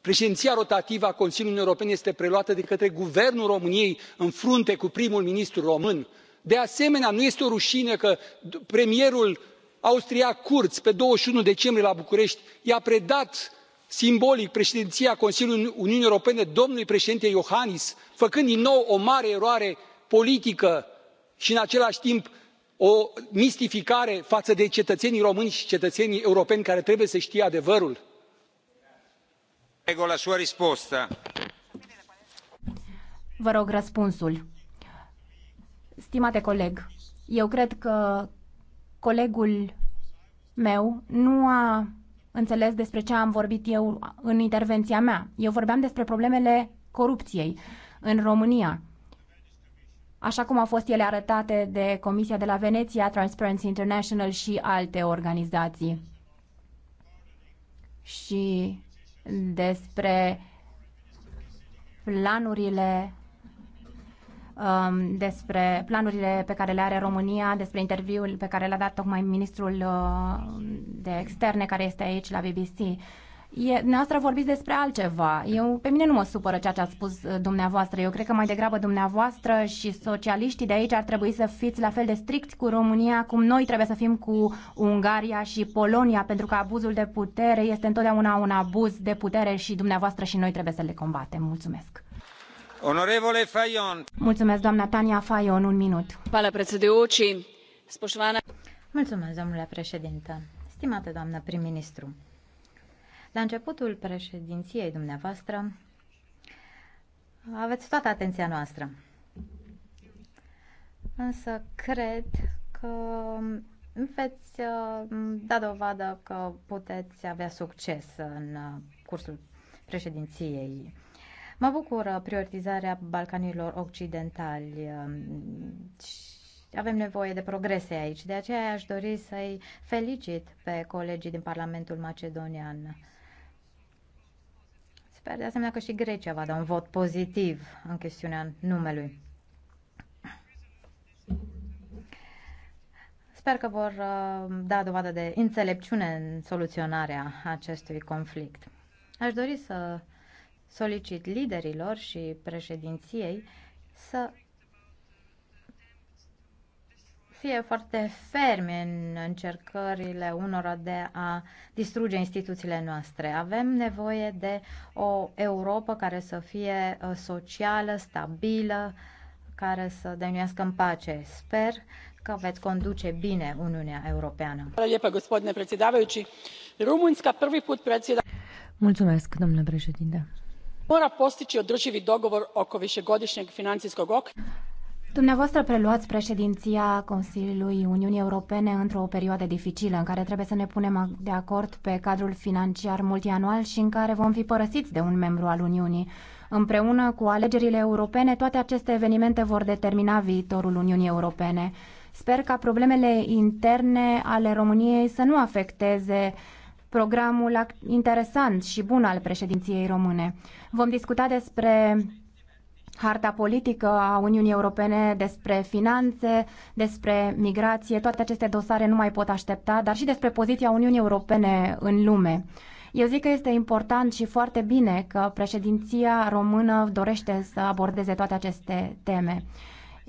președinția rotativă a consiliului uniunii europene este preluată de către guvernul româniei în frunte cu prim ministrul român? de asemenea nu este o rușine că premierul austriac kurz pe douăzeci și unu decembrie la bucurești i a predat simbolic președinția consiliului uniunii europene domnului președinte iohannis făcând din nou o mare eroare politică și în același timp o mistificare față de cetățenii români și cetățenii europeni care trebuie să știe adevărul? vă rog răspunsul. Stimate coleg, eu cred că colegul meu nu a înțeles despre ce am vorbit eu în intervenția mea. Eu vorbeam despre problemele corupției în România, așa cum au fost ele arătate de Comisia de la Veneția, Transparency International și alte organizații. Și despre planurile um, despre planurile pe care le are România, despre interviul pe care l-a dat tocmai ministrul uh, de externe care este aici la BBC. E, dumneavoastră vorbiți despre altceva. Eu, pe mine nu mă supără ceea ce ați spus uh, dumneavoastră. Eu cred că mai degrabă dumneavoastră și socialiștii de aici ar trebui să fiți la fel de stricți cu România cum noi trebuie să fim cu Ungaria și Polonia, pentru că abuzul de putere este întotdeauna un abuz de putere și dumneavoastră și noi trebuie să le combatem. Mulțumesc! Mulțumesc, Tania Fajon, un minut. Mulțumesc, domnule președinte. Stimată doamnă prim-ministru, la începutul președinției dumneavoastră, aveți toată atenția noastră. Însă cred că veți uh, da dovadă că puteți avea succes în uh, cursul președinției Mă bucură uh, prioritizarea Balcanilor Occidentali. Um, avem nevoie de progrese aici, de aceea aș dori să-i felicit pe colegii din Parlamentul Macedonian. Sper de asemenea că și Grecia va da un vot pozitiv în chestiunea numelui. Sper că vor uh, da dovadă de înțelepciune în soluționarea acestui conflict. Aș dori să solicit liderilor și președinției să fie foarte fermi în încercările unora de a distruge instituțiile noastre. Avem nevoie de o Europa care să fie uh, socială, stabilă, care să denuiască în pace. Sper că veți conduce bine Uniunea Europeană. Mulțumesc, domnule președinte mora postići održivi dogovor oko višegodišnjeg financijskog okvira. Dumneavoastră preluați președinția Consiliului Uniunii Europene într-o perioadă dificilă în care trebuie să ne punem de acord pe cadrul financiar multianual și în care vom fi părăsiți de un membru al Uniunii. Împreună cu alegerile europene, toate aceste evenimente vor determina viitorul Uniunii Europene. Sper ca problemele interne ale României să nu afecteze programul interesant și bun al președinției române. Vom discuta despre harta politică a Uniunii Europene, despre finanțe, despre migrație, toate aceste dosare nu mai pot aștepta, dar și despre poziția Uniunii Europene în lume. Eu zic că este important și foarte bine că președinția română dorește să abordeze toate aceste teme.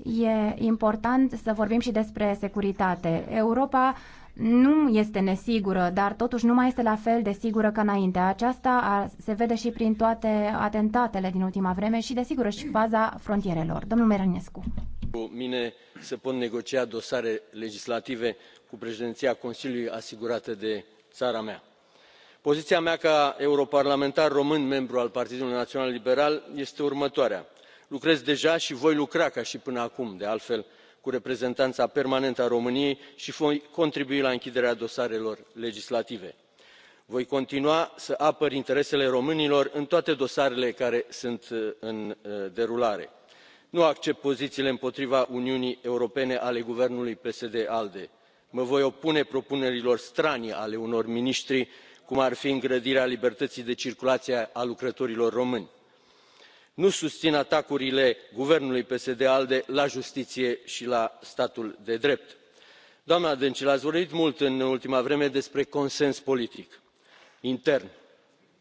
E important să vorbim și despre securitate. Europa nu este nesigură, dar totuși nu mai este la fel de sigură ca înainte. Aceasta a, se vede și prin toate atentatele din ultima vreme și, desigur, și faza frontierelor. Domnul Meranescu. Cu mine se pot negocia dosare legislative cu președinția Consiliului asigurată de țara mea. Poziția mea ca europarlamentar român, membru al Partidului Național Liberal, este următoarea. Lucrez deja și voi lucra ca și până acum, de altfel, cu reprezentanța permanentă a româniei și voi contribui la închiderea dosarelor legislative. voi continua să apăr interesele românilor în toate dosarele care sunt uh, în uh, derulare. nu accept pozițiile împotriva uniunii europene ale guvernului psd alde. mă voi opune propunerilor stranii ale unor miniștri cum ar fi îngrădirea libertății de circulație a lucrătorilor români nu susțin atacurile guvernului psd alde la justiție și la statul de drept. doamnă dăncilă ați vorbit mult în ultima vreme despre consens politic intern.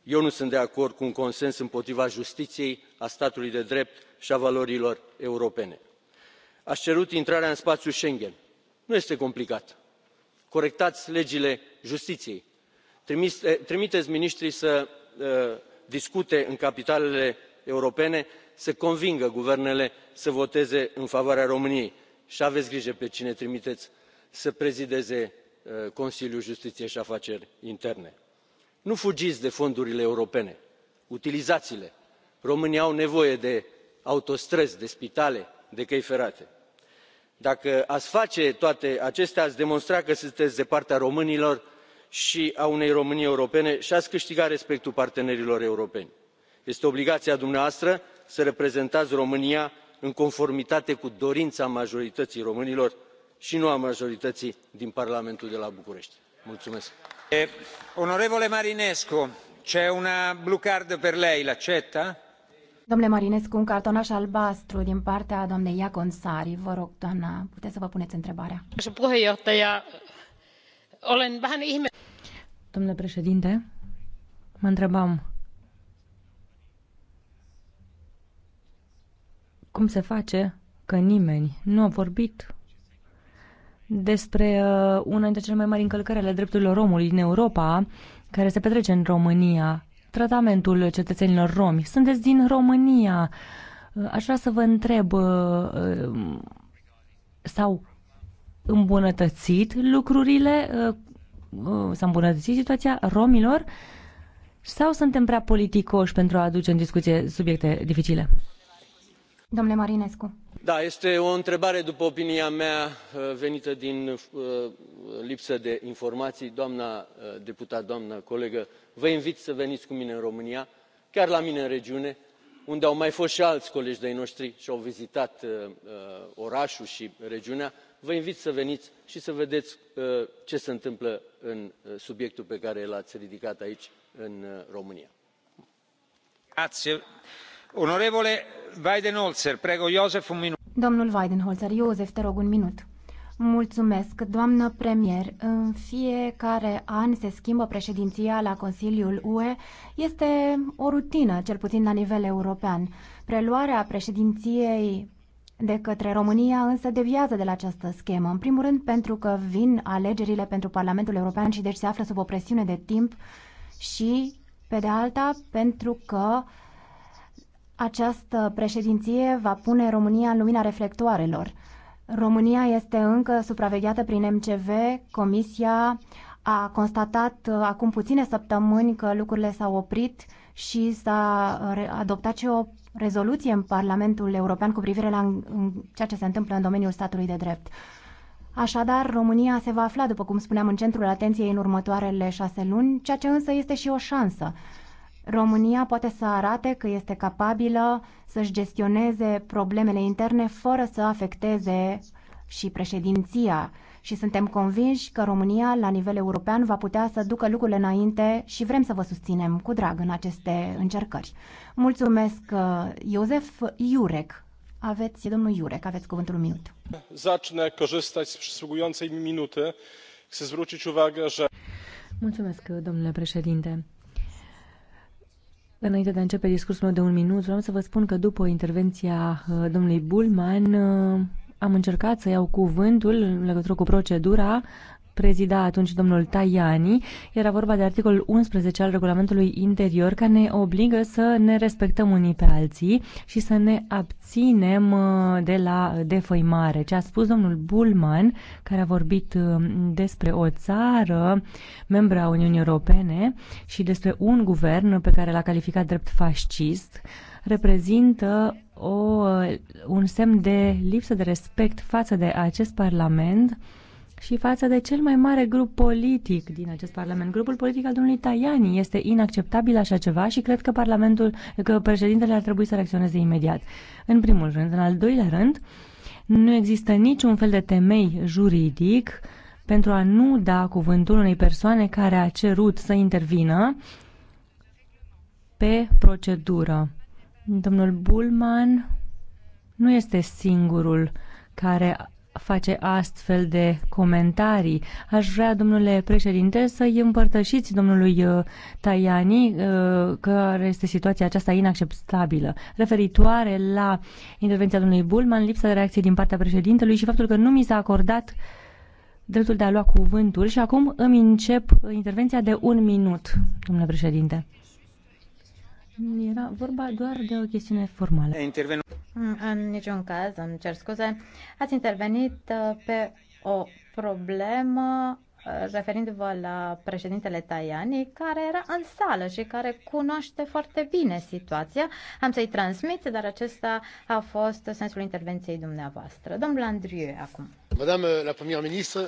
eu nu sunt de acord cu un consens împotriva justiției a statului de drept și a valorilor europene. ați cerut intrarea în spațiul schengen nu este complicat corectați legile justiției eh, trimiteți miniștrii să eh, discute în capitalele europene să convingă guvernele să voteze în favoarea româniei și aveți grijă pe cine trimiteți să prezideze uh, consiliul justiție și afaceri interne. nu fugiți de fondurile europene utilizați le românii au nevoie de autostrăzi de spitale de căi ferate. dacă ați face toate acestea ați demonstra că sunteți de partea românilor și a unei românii europene și ați câștiga respectul partenerilor europeni este obligația dumneavoastră să reprezentați românia în conformitate cu dorința majorității românilor și nu a majorității din parlamentul de la bucurești. mulțumesc. onorevole marinescu c'è una blue card per lei l'accetta? Domnule Marinescu, un cartonaș albastru din partea doamnei Iaconsari. Vă rog, doamna, puteți să vă puneți întrebarea. Domnule președinte, mă întrebam cum se face că nimeni nu a vorbit despre uh, una dintre cele mai mari încălcări ale drepturilor omului din Europa, care se petrece în România, tratamentul cetățenilor romi. Sunteți din România. Uh, aș vrea să vă întreb, uh, sau îmbunătățit lucrurile, s-a îmbunătățit situația romilor, sau suntem prea politicoși pentru a aduce în discuție subiecte dificile? Domnule Marinescu. Da, este o întrebare, după opinia mea, uh, venită din uh, lipsă de informații. doamnă uh, deputat, doamnă colegă, vă invit să veniți cu mine în România, chiar la mine în regiune, unde au mai fost și alți colegi de ai noștri și au vizitat orașul și regiunea vă invit să veniți și să vedeți ce se întâmplă în subiectul pe care l ați ridicat aici în românia. Domnul Weidenholzer, Iosef, te rog un minut. Mulțumesc, doamnă premier. În fiecare an se schimbă președinția la Consiliul UE. Este o rutină, cel puțin la nivel european. Preluarea președinției de către România însă deviază de la această schemă. În primul rând pentru că vin alegerile pentru Parlamentul European și deci se află sub o presiune de timp și pe de alta pentru că această președinție va pune România în lumina reflectoarelor. România este încă supravegheată prin MCV. Comisia a constatat uh, acum puține săptămâni că lucrurile s-au oprit și s-a uh, adoptat și o rezoluție în Parlamentul European cu privire la ceea ce se întâmplă în domeniul statului de drept. Așadar, România se va afla, după cum spuneam, în centrul atenției în următoarele șase luni, ceea ce însă este și o șansă. România poate să arate că este capabilă să-și gestioneze problemele interne fără să afecteze și președinția și suntem convinși că România, la nivel european, va putea să ducă lucrurile înainte și vrem să vă susținem cu drag în aceste încercări. Mulțumesc, uh, Iosef Iurec. Aveți, domnul Iurec, aveți cuvântul un minut. Zacne, korzystać z przysługującej minute, minuty. Chcę zwrócić uwagę, że... Mulțumesc, domnule președinte. Înainte de a începe discursul meu de un minut, vreau să vă spun că după intervenția uh, domnului Bulman uh, am încercat să iau cuvântul în legătură cu procedura, prezida atunci domnul Tajani. Era vorba de articolul 11 al regulamentului interior care ne obligă să ne respectăm unii pe alții și să ne abținem uh, de la defăimare. Ce a spus domnul Bulman, care a vorbit uh, despre o țară membra a Uniunii Europene și despre un guvern pe care l-a calificat drept fascist, reprezintă o, uh, un semn de lipsă de respect față de acest parlament și față de cel mai mare grup politic din acest Parlament. Grupul politic al domnului Tajani este inacceptabil așa ceva și cred că Parlamentul, că președintele ar trebui să reacționeze imediat. În primul rând. În al doilea rând, nu există niciun fel de temei juridic pentru a nu da cuvântul unei persoane care a cerut să intervină pe procedură. Domnul Bulman nu este singurul care face astfel de comentarii. Aș vrea, domnule președinte, să-i împărtășiți domnului uh, Tajani uh, care este situația aceasta inacceptabilă, referitoare la intervenția domnului Bulman, lipsa de reacție din partea președintelui și faptul că nu mi s-a acordat dreptul de a lua cuvântul și acum îmi încep intervenția de un minut, domnule președinte. Era vorba doar de o chestiune formală. Intervenu... Mm, în niciun caz, îmi cer scuze, ați intervenit uh, pe o problemă uh, referindu-vă la președintele Tajani, care era în sală și care cunoaște foarte bine situația. Am să-i transmit, dar acesta a fost sensul intervenției dumneavoastră. Domnul Andrieu, acum. Madame la premier ministre,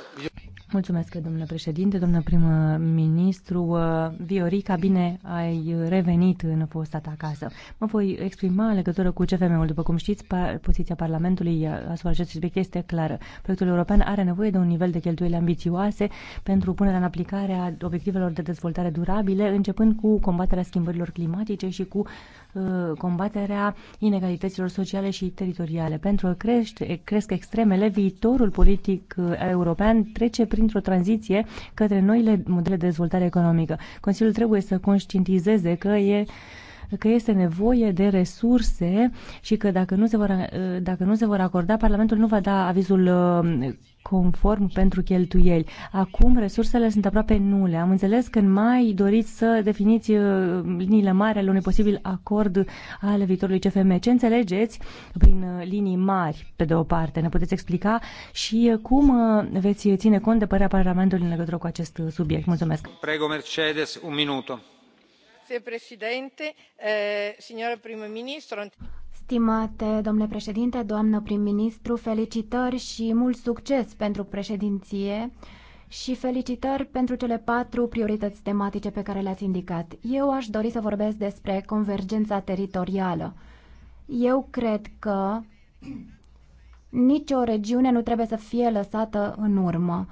Mulțumesc, domnule președinte, domnule prim-ministru. Uh, uh, Viorica, bine ai revenit în fosta ta acasă. Mă voi exprima legătură cu CFM-ul. După cum știți, poziția Parlamentului uh, asupra acestui subiect este clară. Proiectul european are nevoie de un nivel de cheltuieli ambițioase pentru punerea în aplicare a obiectivelor de dezvoltare durabile, începând cu combaterea schimbărilor climatice și cu Uh, combaterea inegalităților sociale și teritoriale. Pentru că crește, cresc extremele, viitorul politic uh, european trece printr-o tranziție către noile modele de dezvoltare economică. Consiliul trebuie să conștientizeze că e că este nevoie de resurse și că dacă nu se vor, uh, dacă nu se vor acorda, Parlamentul nu va da avizul uh, conform pentru cheltuieli. Acum resursele sunt aproape nule. Am înțeles că în mai doriți să definiți uh, liniile mari ale unui posibil acord ale viitorului CFM. Ce înțelegeți prin linii mari, pe de o parte? Ne puteți explica și cum veți ține cont de părerea Parlamentului în legătură cu acest subiect? Mulțumesc. Prego, Mercedes, un minut. Eh, Stimate domnule președinte, doamnă prim-ministru, felicitări și mult succes pentru președinție și felicitări pentru cele patru priorități tematice pe care le-ați indicat. Eu aș dori să vorbesc despre convergența teritorială. Eu cred că nicio regiune nu trebuie să fie lăsată în urmă.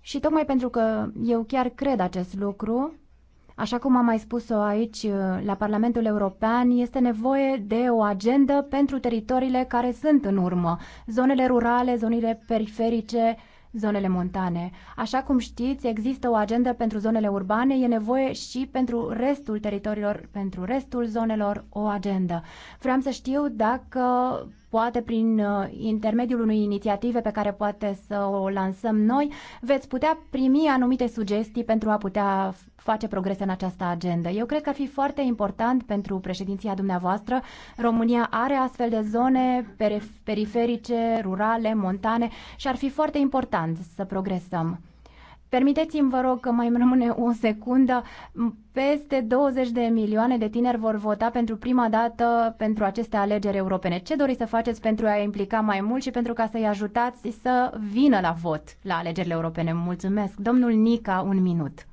Și tocmai pentru că eu chiar cred acest lucru, Așa cum am mai spus-o aici uh, la Parlamentul European, este nevoie de o agendă pentru teritoriile care sunt în urmă, zonele rurale, zonele periferice, zonele montane. Așa cum știți, există o agendă pentru zonele urbane, e nevoie și pentru restul teritoriilor, pentru restul zonelor, o agendă. Vreau să știu dacă poate prin uh, intermediul unei inițiative pe care poate să o lansăm noi, veți putea primi anumite sugestii pentru a putea face progrese în această agendă. Eu cred că ar fi foarte important pentru președinția dumneavoastră. România are astfel de zone periferice, rurale, montane și ar fi foarte important să progresăm. Permiteți-mi, vă rog, că mai îmi rămâne o secundă. Peste 20 de milioane de tineri vor vota pentru prima dată pentru aceste alegeri europene. Ce doriți să faceți pentru a implica mai mult și pentru ca să-i ajutați să vină la vot la alegerile europene? Mulțumesc. Domnul Nica, un minut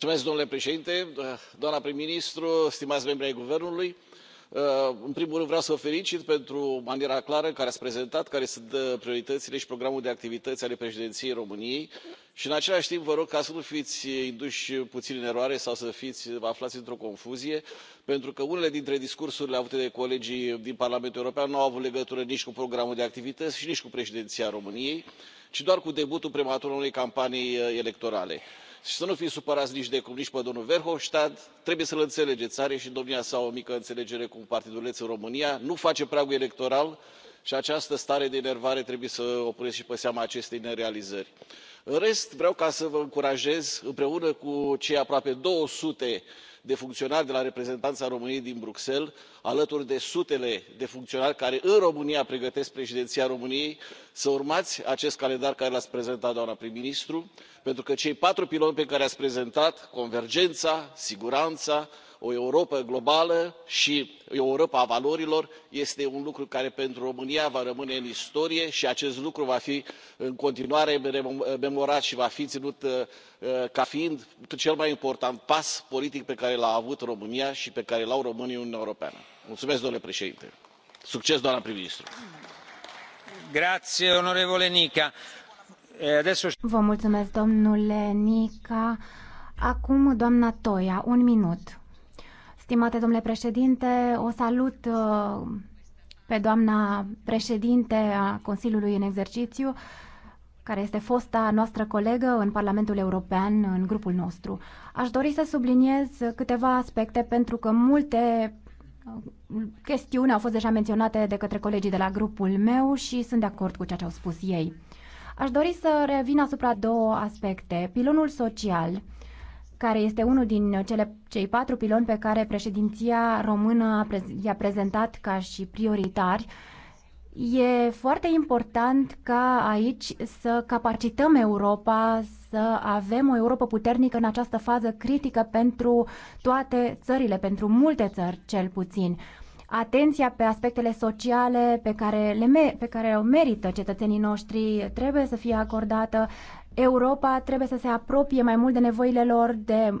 domnule președinte doamnă prim ministru stimați membri ai guvernului uh, în primul rând vreau să o felicit pentru maniera clară în care ați prezentat care sunt uh, prioritățile și programul de activități ale președinției româniei și în același timp vă rog ca să nu fiți induși puțin în eroare sau să vă aflați într o confuzie pentru că unele dintre discursurile avute de colegii din parlamentul european nu au avut legătură nici cu programul de activități și nici cu președinția româniei ci doar cu debutul prematur al unei campanii uh, electorale și să nu fiți supărați cum nici pe domnul verhofstadt trebuie să l înțelegeți are și domnia sa o mică înțelegere cu un partiduleț în românia nu face pragul electoral și această stare de enervare trebuie să o puneți și pe seama acestei nerealizări. în rest vreau să vă încurajez împreună cu cei aproape două sute de funcționari de la reprezentanța româniei din bruxelles alături de sutele de funcționari care în românia pregătesc președinția româniei să urmați acest calendar pe care l ați prezentat doamnă prim ministru pentru că cei patru piloni pe care i ați prezentat convergența siguranța o europă globală și o europă a valorilor este un lucru care pentru românia va rămâne în istorie și acest lucru va fi în continuare memorat și va fi ținut uh, uh, ca fiind cel mai important pas politic pe care l a avut românia și pe care l au românii în uniunea europeană. mulțumesc domnule președinte. succes doamnă prim ministru! vă mulțumesc domnule nica. acum doamna toia un minut. Stimate domnule președinte, o salut uh, pe doamna președinte a Consiliului în exercițiu, care este fosta noastră colegă în Parlamentul European, în grupul nostru. Aș dori să subliniez câteva aspecte, pentru că multe uh, chestiuni au fost deja menționate de către colegii de la grupul meu și sunt de acord cu ceea ce au spus ei. Aș dori să revin asupra două aspecte. Pilonul social care este unul din cele, cei patru piloni pe care președinția română i-a prezentat ca și prioritari. E foarte important ca aici să capacităm Europa, să avem o Europa puternică în această fază critică pentru toate țările, pentru multe țări cel puțin. Atenția pe aspectele sociale pe care, le pe care o merită cetățenii noștri trebuie să fie acordată Europa trebuie să se apropie mai mult de nevoile lor, de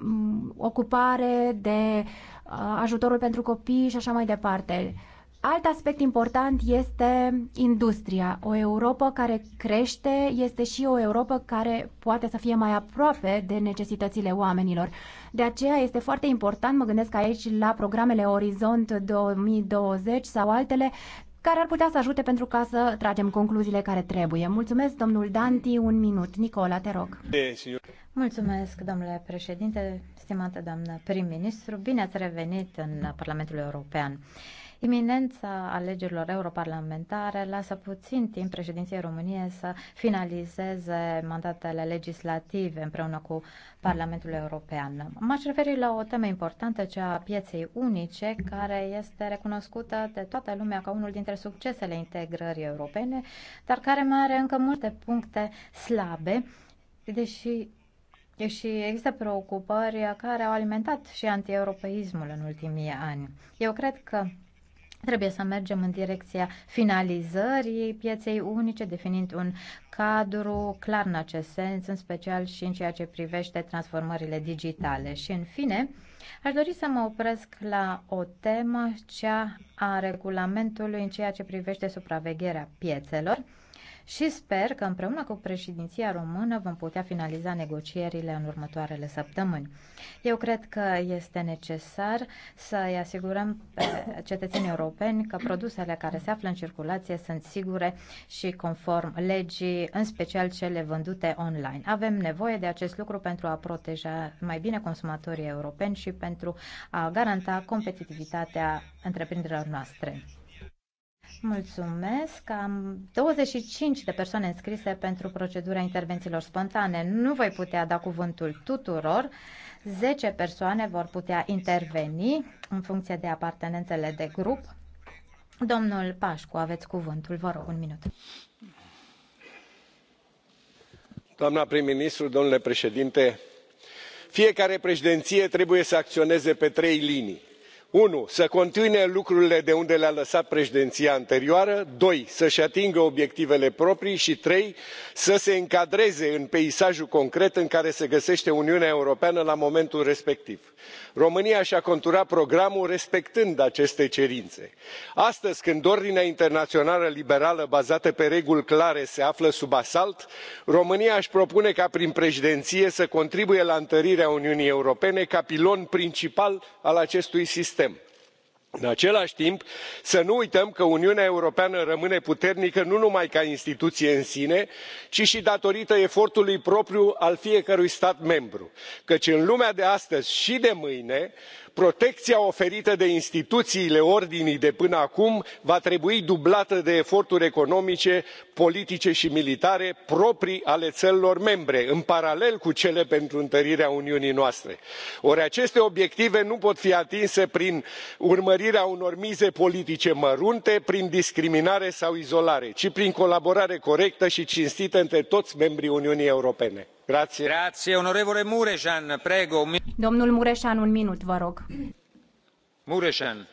ocupare, de uh, ajutorul pentru copii și așa mai departe. Alt aspect important este industria. O Europa care crește este și o Europa care poate să fie mai aproape de necesitățile oamenilor. De aceea este foarte important, mă gândesc aici la programele Orizont 2020 sau altele, care ar putea să ajute pentru ca să tragem concluziile care trebuie. Mulțumesc, domnul Danti, un minut. Nicola, te rog. Mulțumesc, domnule președinte, stimată doamnă prim-ministru, bine ați revenit în Parlamentul European. Iminența alegerilor europarlamentare lasă puțin timp președinției României să finalizeze mandatele legislative împreună cu Parlamentul European. M-aș referi la o temă importantă, cea a pieței unice, care este recunoscută de toată lumea ca unul dintre succesele integrării europene, dar care mai are încă multe puncte slabe, deși și există preocupări care au alimentat și antieuropeismul în ultimii ani. Eu cred că Trebuie să mergem în direcția finalizării pieței unice, definind un cadru clar în acest sens, în special și în ceea ce privește transformările digitale. Și, în fine, aș dori să mă opresc la o temă, cea a regulamentului în ceea ce privește supravegherea piețelor și sper că împreună cu președinția română vom putea finaliza negocierile în următoarele săptămâni. Eu cred că este necesar să îi asigurăm pe cetățenii europeni că produsele care se află în circulație sunt sigure și conform legii, în special cele vândute online. Avem nevoie de acest lucru pentru a proteja mai bine consumatorii europeni și pentru a garanta competitivitatea întreprinderilor noastre. Mulțumesc. Am 25 de persoane înscrise pentru procedura intervențiilor spontane. Nu voi putea da cuvântul tuturor. 10 persoane vor putea interveni în funcție de apartenențele de grup. Domnul Pașcu, aveți cuvântul. Vă rog, un minut. Doamna prim-ministru, domnule președinte, fiecare președinție trebuie să acționeze pe trei linii unu să continue lucrurile de unde le a lăsat președinția anterioară doi să își atingă obiectivele proprii și trei să se încadreze în peisajul concret în care se găsește uniunea europeană la momentul respectiv românia și a conturat programul respectând aceste cerințe. astăzi când ordinea internațională liberală bazată pe reguli clare se află sub asalt românia își propune ca prin președinție să contribuie la întărirea uniunii europene ca pilon principal al acestui sistem în același timp să nu uităm că uniunea europeană rămâne puternică nu numai ca instituție în sine ci și datorită efortului propriu al fiecărui stat membru căci în lumea de astăzi și de mâine protecția oferită de instituțiile ordinii de până acum va trebui dublată de eforturi economice politice și militare proprii ale țărilor membre în paralel cu cele pentru întărirea uniunii noastre ori aceste obiective nu pot fi atinse prin urmărirea unor mize politice mărunte prin discriminare sau izolare ci prin colaborare corectă și cinstită între toți membrii uniunii europene. Mureșan, un minut, vă rog. Mureșan.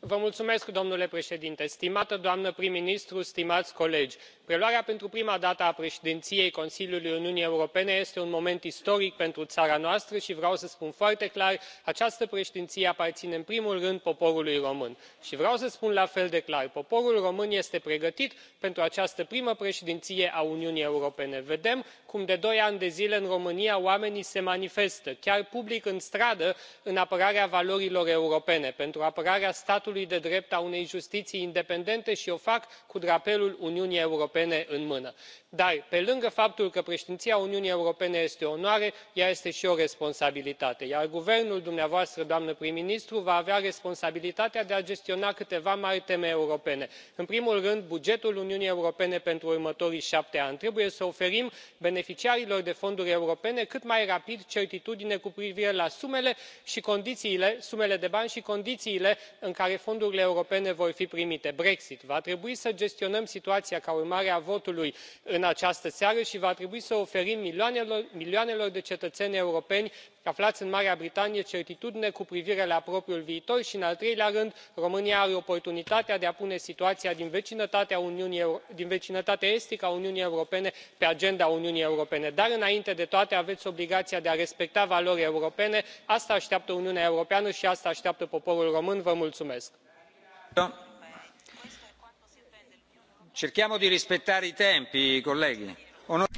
Vă mulțumesc, domnule președinte stimată doamnă prim ministru stimați colegi preluarea pentru prima dată a președinției consiliului uniunii europene este un moment istoric pentru țara noastră și vreau să spun foarte clar această președinție aparține în primul rând poporului român și vreau să spun la fel de clar poporul român este pregătit pentru această primă președinție a uniunii europene vedem cum de doi ani de zile în românia oamenii se manifestă chiar public în stradă în apărarea valorilor europene pentru apărarea statului de drept a unei justiții independente și o fac cu drapelul uniunii europene în mână. dar pe lângă faptul că președinția uniunii europene este o onoare ea este și o responsabilitate iar guvernul dumneavoastră doamnă prim ministru va avea responsabilitatea de a gestiona câteva mari teme europene în primul rând bugetul uniunii europene pentru următorii șapte ani. trebuie să oferim beneficiarilor beneficiarilor de fonduri europene cât mai rapid certitudine cu privire la sumele de bani și condițiile în care fondurile europene vor fi primite brexit va trebui să gestionăm situația ca urmare a votului în această seară și va trebui să oferim milioanelor de cetățeni europeni aflați în marea britanie certitudine cu privire la propriul viitor și în al treilea rând românia are oportunitatea de a pune situația din vecinătatea estică a uniunii europene pe agenda uniunii europene dar înainte de toate aveți obligația de a respecta valorile europene asta așteaptă uniunea europeană și asta așteaptă poporul român. vă mulțumesc.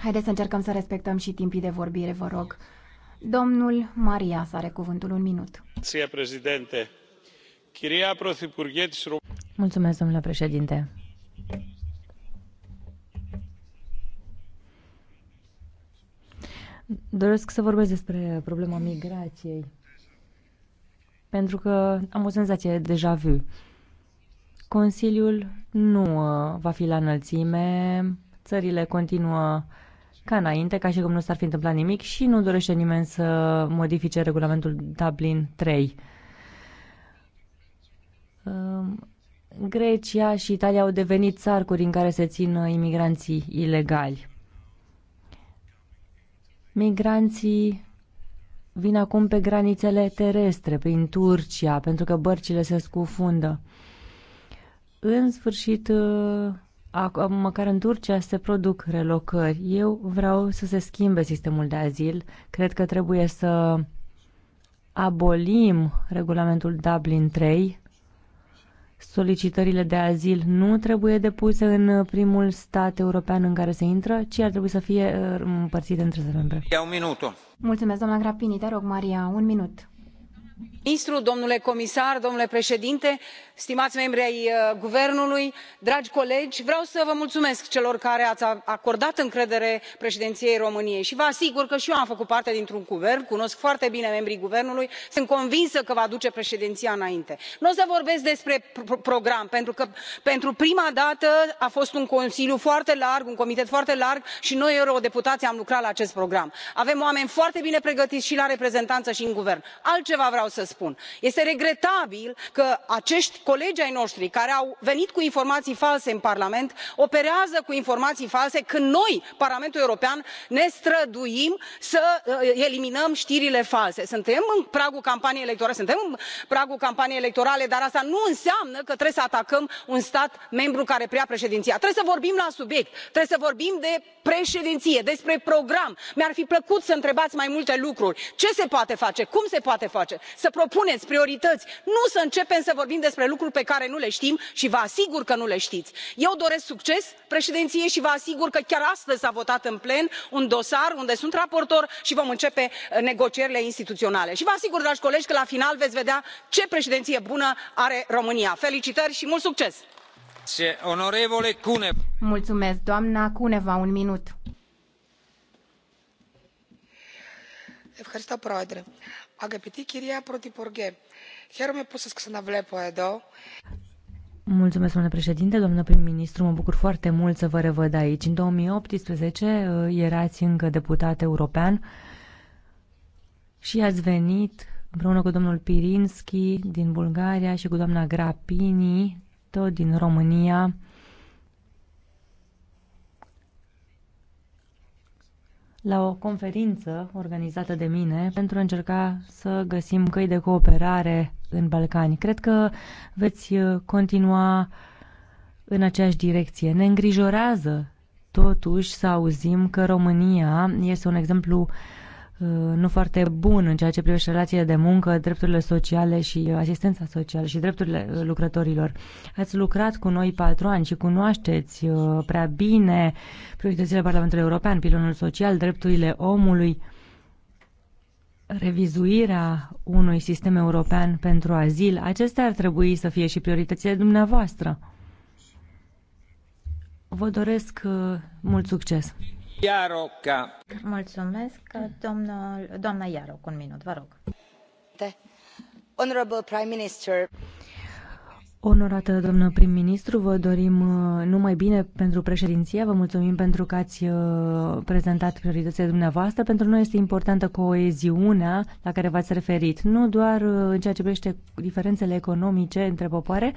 haideți să încercăm să respectăm și timpii de vorbire vă rog. Domnul Maria să are cuvântul un minut. Mulțumesc, domnule președinte. Doresc să vorbesc despre problema migrației, pentru că am o senzație deja vu. Consiliul nu uh, va fi la înălțime, țările continuă uh, ca înainte, ca și cum nu s-ar fi întâmplat nimic și nu dorește nimeni să modifice regulamentul Dublin 3. Grecia și Italia au devenit țarcuri în care se țin uh, imigranții ilegali. Migranții vin acum pe granițele terestre, prin Turcia, pentru că bărcile se scufundă. În sfârșit, uh, Acum, măcar în Turcia se produc relocări. Eu vreau să se schimbe sistemul de azil. Cred că trebuie să abolim regulamentul Dublin 3. Solicitările de azil nu trebuie depuse în primul stat european în care se intră, ci ar trebui să fie uh, împărțite între statele membre. Ia un minut. Mulțumesc, doamna Grapini. Te rog, Maria, un minut. Ministru, domnule comisar, domnule președinte, stimați membri ai uh, guvernului dragi colegi vreau să vă mulțumesc celor care ați acordat încredere președinției româniei și vă asigur că și eu am făcut parte dintr un guvern cunosc foarte bine membrii guvernului sunt convinsă că va duce președinția înainte. nu o să vorbesc despre program pentru că pentru prima dată a fost un consiliu foarte larg un comitet foarte larg și noi eurodeputații am lucrat la acest program. avem oameni foarte bine pregătiți și la reprezentanță și în guvern. altceva vreau să spun este regretabil că acești colegi ai noștri care au venit cu informații false în parlament operează cu informații false când noi parlamentul european ne străduim să uh, eliminăm știrile false. suntem în pragul campaniei electorale suntem în pragul campaniei electorale dar asta nu înseamnă că trebuie să atacăm un stat membru care preia președinția. trebuie să vorbim la subiect trebuie să vorbim de președinție despre program. mi ar fi plăcut să întrebați mai multe lucruri ce se poate face cum se poate face să propuneți priorități nu să începem să vorbim despre lucruri care nu sunt lucruri pe care nu le știm și vă asigur că nu le știți. eu doresc succes președinției și vă asigur că chiar astăzi s a votat în plen un dosar unde sunt raportor și vom începe uh, negocierile instituționale și vă asigur dragi colegi că la final veți vedea ce președinție bună are românia. felicitări și mult succes! Mulțumesc, doamna Cuneva, un minut. Ευχαριστώ, Πρόεδρε. Αγαπητή κυρία Πρωθυπουργέ, Mulțumesc, domnule președinte, doamnă prim-ministru, mă bucur foarte mult să vă revăd aici. În 2018 uh, erați încă deputat european și ați venit împreună cu domnul Pirinski din Bulgaria și cu doamna Grapini, tot din România, la o conferință organizată de mine pentru a încerca să găsim căi de cooperare în Balcani. Cred că veți uh, continua în aceeași direcție. Ne îngrijorează totuși să auzim că România este un exemplu uh, Uh, nu foarte bun în ceea ce privește relațiile de muncă, drepturile sociale și uh, asistența socială și drepturile uh, lucrătorilor. Ați lucrat cu noi patru ani și cunoașteți prea bine prioritățile Parlamentului European, pilonul social, drepturile omului, revizuirea unui sistem european pentru azil. Acestea ar trebui să fie și prioritățile dumneavoastră. Vă doresc mult succes! Iaroca. Mulțumesc, Onorată doamnă prim-ministru, vă dorim uh, numai bine pentru președinție, vă mulțumim pentru că ați uh, prezentat prioritățile dumneavoastră. Pentru noi este importantă coeziunea la care v-ați referit, nu doar uh, în ceea ce privește diferențele economice între popoare,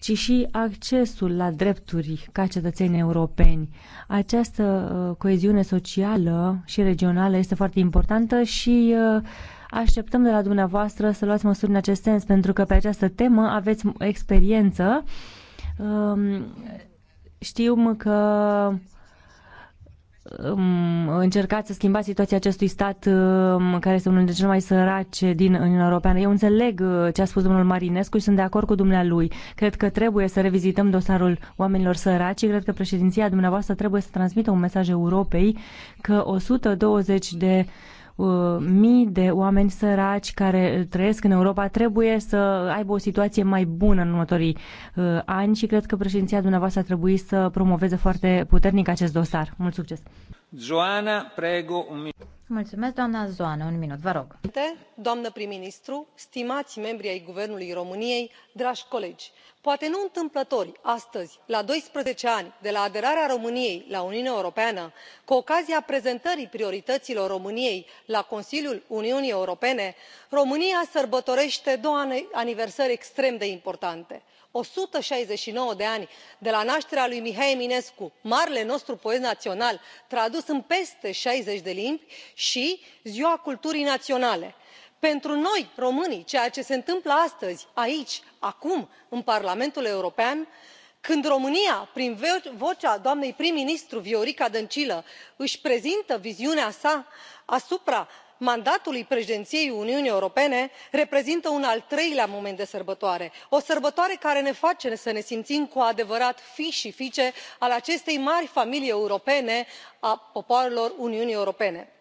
ci și accesul la drepturi ca cetățeni europeni. Această uh, coeziune socială și regională este foarte importantă și uh, așteptăm de la dumneavoastră să luați măsuri în acest sens, pentru că pe această temă aveți experiență. Um, știm că încercați să schimbați situația acestui stat care este unul dintre cele mai sărace din Uniunea Europeană. Eu înțeleg uh, ce a spus domnul Marinescu și sunt de acord cu dumnealui. Cred că trebuie să revizităm dosarul oamenilor săraci cred că președinția dumneavoastră trebuie să transmită un mesaj Europei că 120 de Uh, mii de oameni săraci care trăiesc în Europa trebuie să aibă o situație mai bună în următorii uh, ani și cred că președinția dumneavoastră trebuie să promoveze foarte puternic acest dosar. Mult succes! Joana, prego un minut. Mulțumesc, doamna Zoană. Un minut, vă rog. Doamnă prim-ministru, stimați membri ai Guvernului României, dragi colegi, poate nu întâmplător astăzi la doisprezece ani de la aderarea româniei la uniunea europeană cu ocazia prezentării priorităților româniei la consiliul uniunii europene românia sărbătorește două aniversări extrem de importante o sută șaizeci și nouă de ani de la nașterea lui mihai eminescu marele nostru poet național tradus în peste șaizeci de limbi și ziua culturii naționale pentru noi românii ceea ce se întâmplă astăzi aici acum în parlamentul european când românia prin vocea doamnei prim ministru viorica dăncilă își prezintă viziunea sa asupra mandatului președinției uniunii europene reprezintă un al treilea moment de sărbătoare o sărbătoare care ne face să ne simțim cu adevărat fii și fiice ale acestei mari familii europene a popoarelor uniunii europene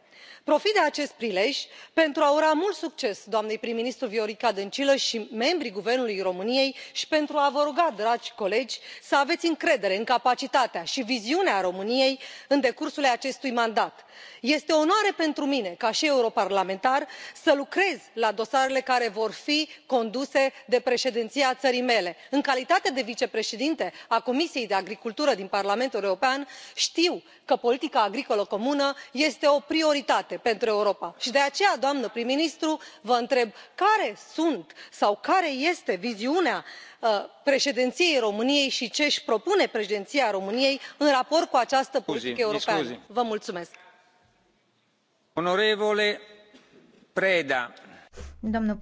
profit de acest prilej pentru a ura mult succes doamnei prim ministru viorica dăncilă și membrilor guvernului româniei și pentru a vă ruga dragi colegi să aveți încredere în capacitatea și viziunea româniei în decursul acestui mandat este o onoare pentru mine ca și europarlamentar să lucrez la dosarele care vor fi conduse de președinția țării mele. în calitate de vicepreședintă a comisiei pentru agricultură din parlamentul european știu că politica agricolă comună este o prioritate pentru europa și de aceea doamnă prim ministru vă întreb care sunt sau care este viziunea uh, președinției româniei și ce își propune președinția româniei în raport cu această politică europeană? vă mulțumesc. Domnule Președinte, Domnul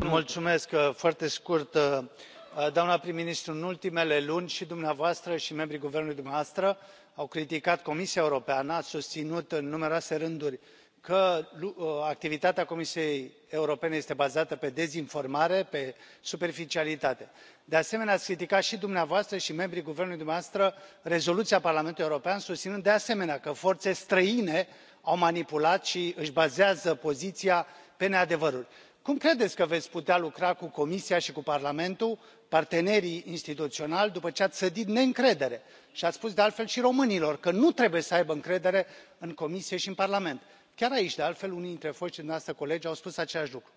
Mulțumesc. Uh, foarte scurt, uh, uh, doamna prim ministru în ultimele luni și dumneavoastră și membrii guvernului dumneavoastră au criticat comisia europeană ați susținut în numeroase rânduri că ă, activitatea comisiei europene este bazată pe dezinformare pe superficialitate. de asemenea ați criticat și dumneavoastră și membrii guvernului dumneavoastră rezoluția parlamentului european susținând de asemenea că forțe străine au manipulat și își bazează poziția pe neadevăruri. cum credeți că veți putea lucra cu comisia și cu parlamentul partenerii instituționali după ce ați sădit neîncredere și ați spus de altfel și românilor că nu trebuie să aibă încredere în comisie și în parlament? chiar aici de altfel unii dintre foștii dumneavoastră colegi au spus același lucru.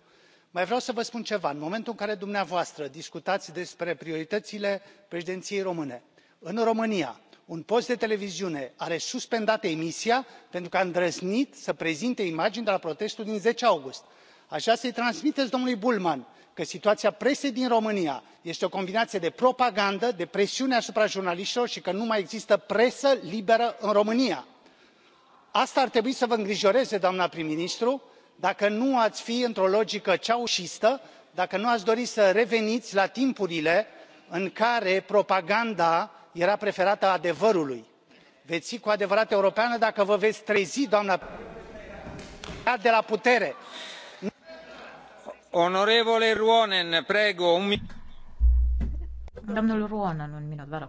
mai vreau să vă spun ceva în momentul în care dumneavoastră discutați despre prioritățile președinției române în românia un post de televiziune are suspendată emisia pentru că a îndrăznit să prezinte imagini de la protestul din zece august. aș vrea să i transmiteți domnului bullmann că situația presei din românia este o combinație de propagandă de presiune asupra jurnaliștilor și că nu mai există presă liberă în românia asta ar trebui să vă îngrijoreze doamnă prim ministru dacă nu ați fi într o logică ceaușistă dacă nu ați dori să reveniți la timpurile în care propaganda era preferată adevărului. veți fi cu adevărat europeană dacă vă veți trezi doamnă prim ministru de la putere. domnul ruonen un minut vă rog.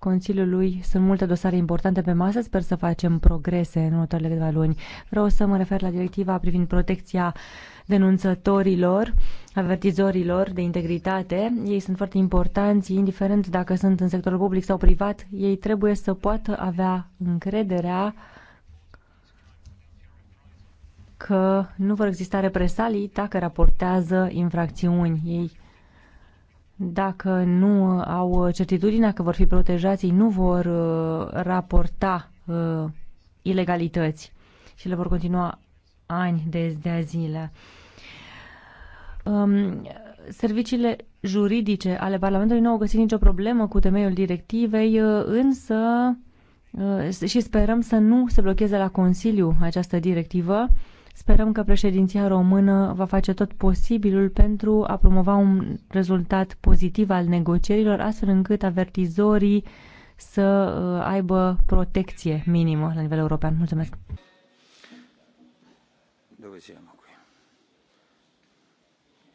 Consiliului sunt multe dosare importante pe masă, sper să facem progrese în următoarele câteva luni. Vreau să mă refer la directiva privind protecția denunțătorilor, avertizorilor de integritate. Ei sunt foarte importanți, indiferent dacă sunt în sectorul public sau privat, ei trebuie să poată avea încrederea că nu vor exista represalii dacă raportează infracțiuni. Ei dacă nu au certitudinea că vor fi protejați, nu vor uh, raporta uh, ilegalități și le vor continua ani de, de zile. Um, serviciile juridice ale Parlamentului nu au găsit nicio problemă cu temeiul directivei, uh, însă și sperăm să nu se blocheze la Consiliu această directivă Sperăm că președinția română va face tot posibilul pentru a promova un rezultat pozitiv al negocierilor, astfel încât avertizorii să uh, aibă protecție minimă la nivel european. Mulțumesc!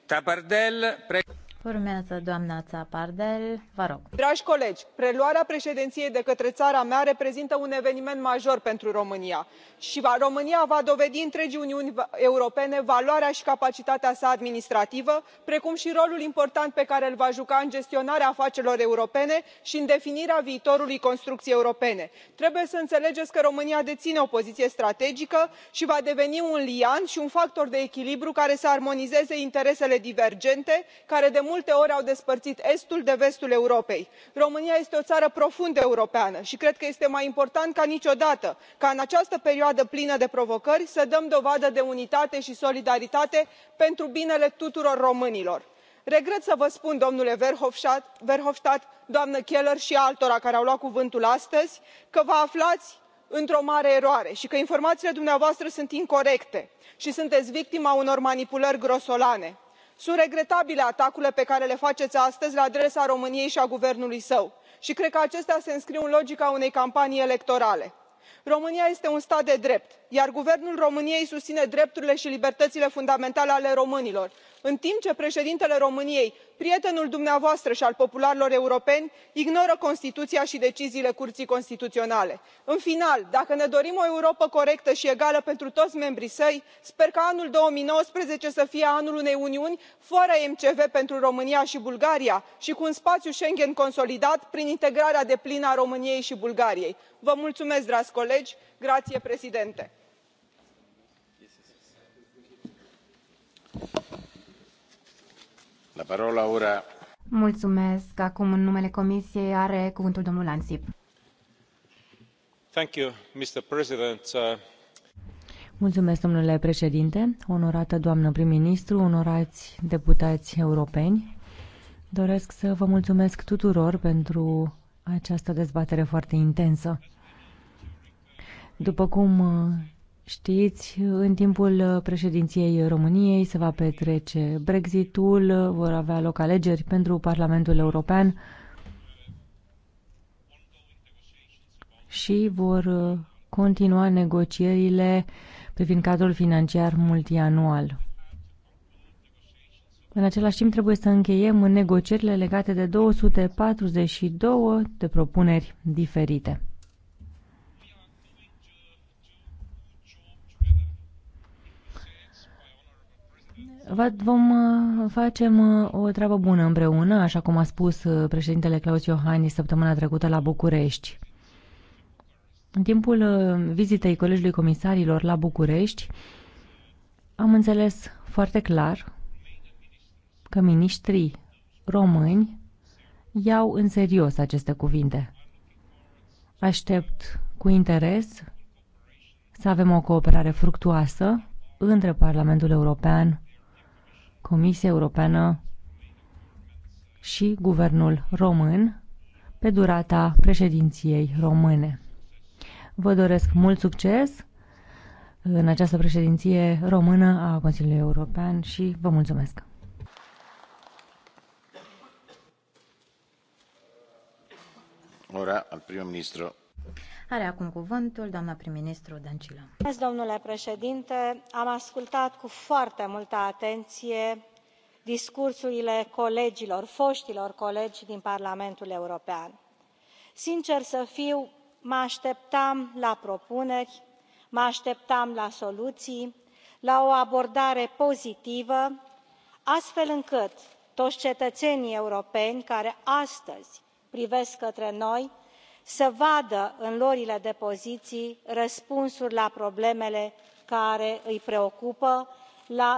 Tapardel, pre- Urmează doamna Țapardel, vă rog. Dragi colegi, preluarea președinției de către țara mea reprezintă un eveniment major pentru România și România va dovedi întregii Uniuni Europene valoarea și capacitatea sa administrativă, precum și rolul important pe care îl va juca în gestionarea afacerilor europene și în definirea viitorului construcției europene. Trebuie să înțelegeți că România deține o poziție strategică și va deveni un lian și un factor de echilibru care să armonizeze interesele divergente, care de mult multe ori au despărțit estul de vestul europei. românia este o țară profund europeană și cred că este mai important ca niciodată ca în această perioadă plină de provocări să dăm dovadă de unitate și solidaritate pentru binele tuturor românilor. regret să vă spun domnule verhofstadt doamnă keller și altora care au luat cuvântul astăzi că vă aflați într o mare eroare și că informațiile dumneavoastră sunt incorecte și sunteți victima unor manipulări grosolane sunt regretabile atacurile pe care le faceți astăzi la adresa româniei și a guvernului său și cred că acestea se înscriu în logica unei campanii electorale. românia este un stat de drept iar guvernul româniei susține drepturile și libertățile fundamentale ale românilor în timp ce președintele româniei prietenul dumneavoastră și al popularilor europeni ignoră constituția și deciziile curții constituționale. în final dacă ne dorim o europă corectă și egală pentru toți membrii săi sper ca anul două mii nouăsprezece să fie anul unei uniuni fără mcv pentru românia și bulgaria și cu un spațiu schengen consolidat prin integrarea deplină a româniei și bulgariei. vă mulțumesc dragi colegi grație Președinte. Mulțumesc. Acum, în numele Comisiei, are cuvântul domnul Ansip. Mulțumesc, domnule președinte, onorată doamnă prim-ministru, onorați deputați europeni. Doresc să vă mulțumesc tuturor pentru această dezbatere foarte intensă. După cum știți, în timpul președinției României se va petrece Brexitul, vor avea loc alegeri pentru Parlamentul European și vor continua negocierile privind cadrul financiar multianual. În același timp trebuie să încheiem negocierile legate de 242 de propuneri diferite. Vom uh, facem uh, o treabă bună împreună, așa cum a spus uh, președintele Claus Iohannis săptămâna trecută la București. În timpul vizitei Colegiului Comisarilor la București, am înțeles foarte clar că miniștrii români iau în serios aceste cuvinte. Aștept cu interes să avem o cooperare fructuoasă între Parlamentul European Comisia Europeană și Guvernul Român pe durata președinției române. Vă doresc mult succes în această președinție română a Consiliului European și vă mulțumesc! Ora al prim ministru are acum cuvântul doamna prim-ministru Dăncilă. Domnule președinte, am ascultat cu foarte multă atenție discursurile colegilor, foștilor colegi din Parlamentul European. Sincer să fiu, mă așteptam la propuneri, mă așteptam la soluții, la o abordare pozitivă, astfel încât toți cetățenii europeni care astăzi privesc către noi să vadă în luările de poziții răspunsuri la problemele care îi preocupă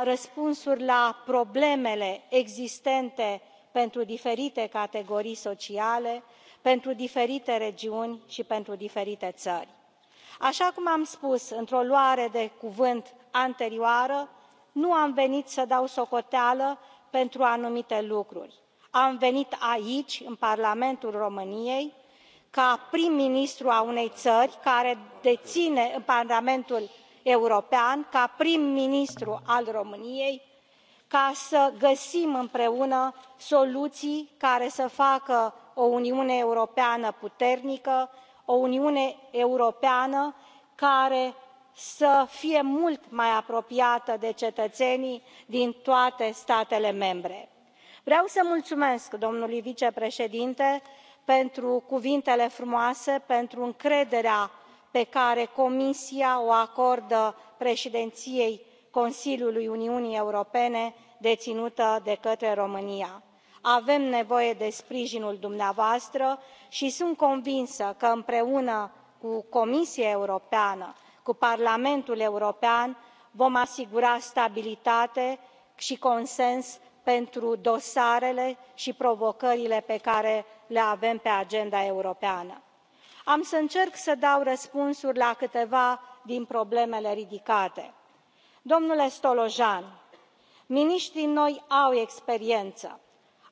răspunsuri la problemele existente pentru diferite categorii sociale pentru diferite regiuni și pentru diferite țări. așa cum am spus într o luare de cuvânt anterioară nu am venit să dau socoteală pentru anumite lucruri am venit aici în parlamentul româniei ca prim ministru al unei țări care deține parlamentul european ca prim ministru al româniei ca să găsim împreună soluții care să facă o uniune europeană puternică o uniune europeană care să fie mult mai apropiată de cetățenii din toate statele membre. vreau să mulțumesc domnului vicepreședinte pentru pentru cuvintele frumoase pentru încrederea pe care comisia o acordă președinției consiliului uniunii europene deținută de către românia. avem nevoie de sprijinul dumneavoastră și sunt convinsă că împreună cu comisia europeană cu parlamentul european vom asigura stabilitate și consens pentru dosarele și provocările pe care le avem pe agenda europeană. am să încerc să dau răspunsuri la câteva din problemele ridicate. domnule stolojan miniștrii noi au experiență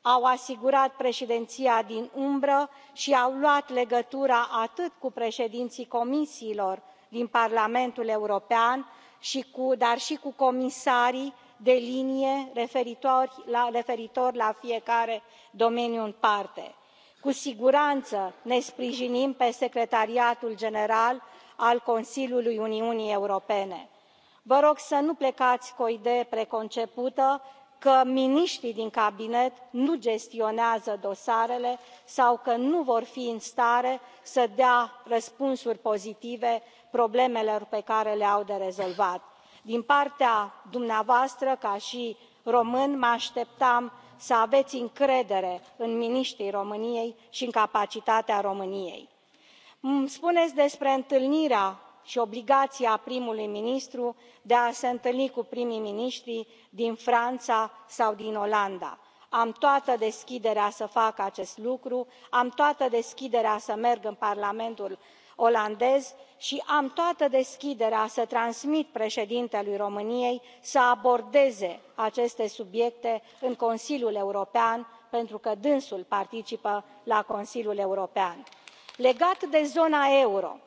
au asigurat președinția din umbră și au luat legătura atât cu președinții comisiilor din parlamentul european dar și cu comisarii de linie referitor la fiecare domeniu în parte. cu siguranță ne sprijinim pe secretariatul general al consiliului uniunii europene. vă rog să nu plecați cu o idee preconcepută că miniștrii din cabinet nu gestionează dosarele sau că nu vor fi în stare să dea răspunsuri pozitive problemelor pe care le au de rezolvat din partea dumneavoastră ca și român mă așteptam să aveți încredere în miniștrii româniei și în capacitatea româniei. îmi spuneți despre întâlnirea și obligația primului ministru de a se întâlni cu prim miniștrii din franța sau din olanda. am toată deschiderea să fac acest lucru am toată deschiderea să merg în parlamentul olandez și am toată deschiderea să transmit președintelui româniei să abordeze aceste subiecte în consiliul european pentru că dânsul participă la consiliul european. legat de zona euro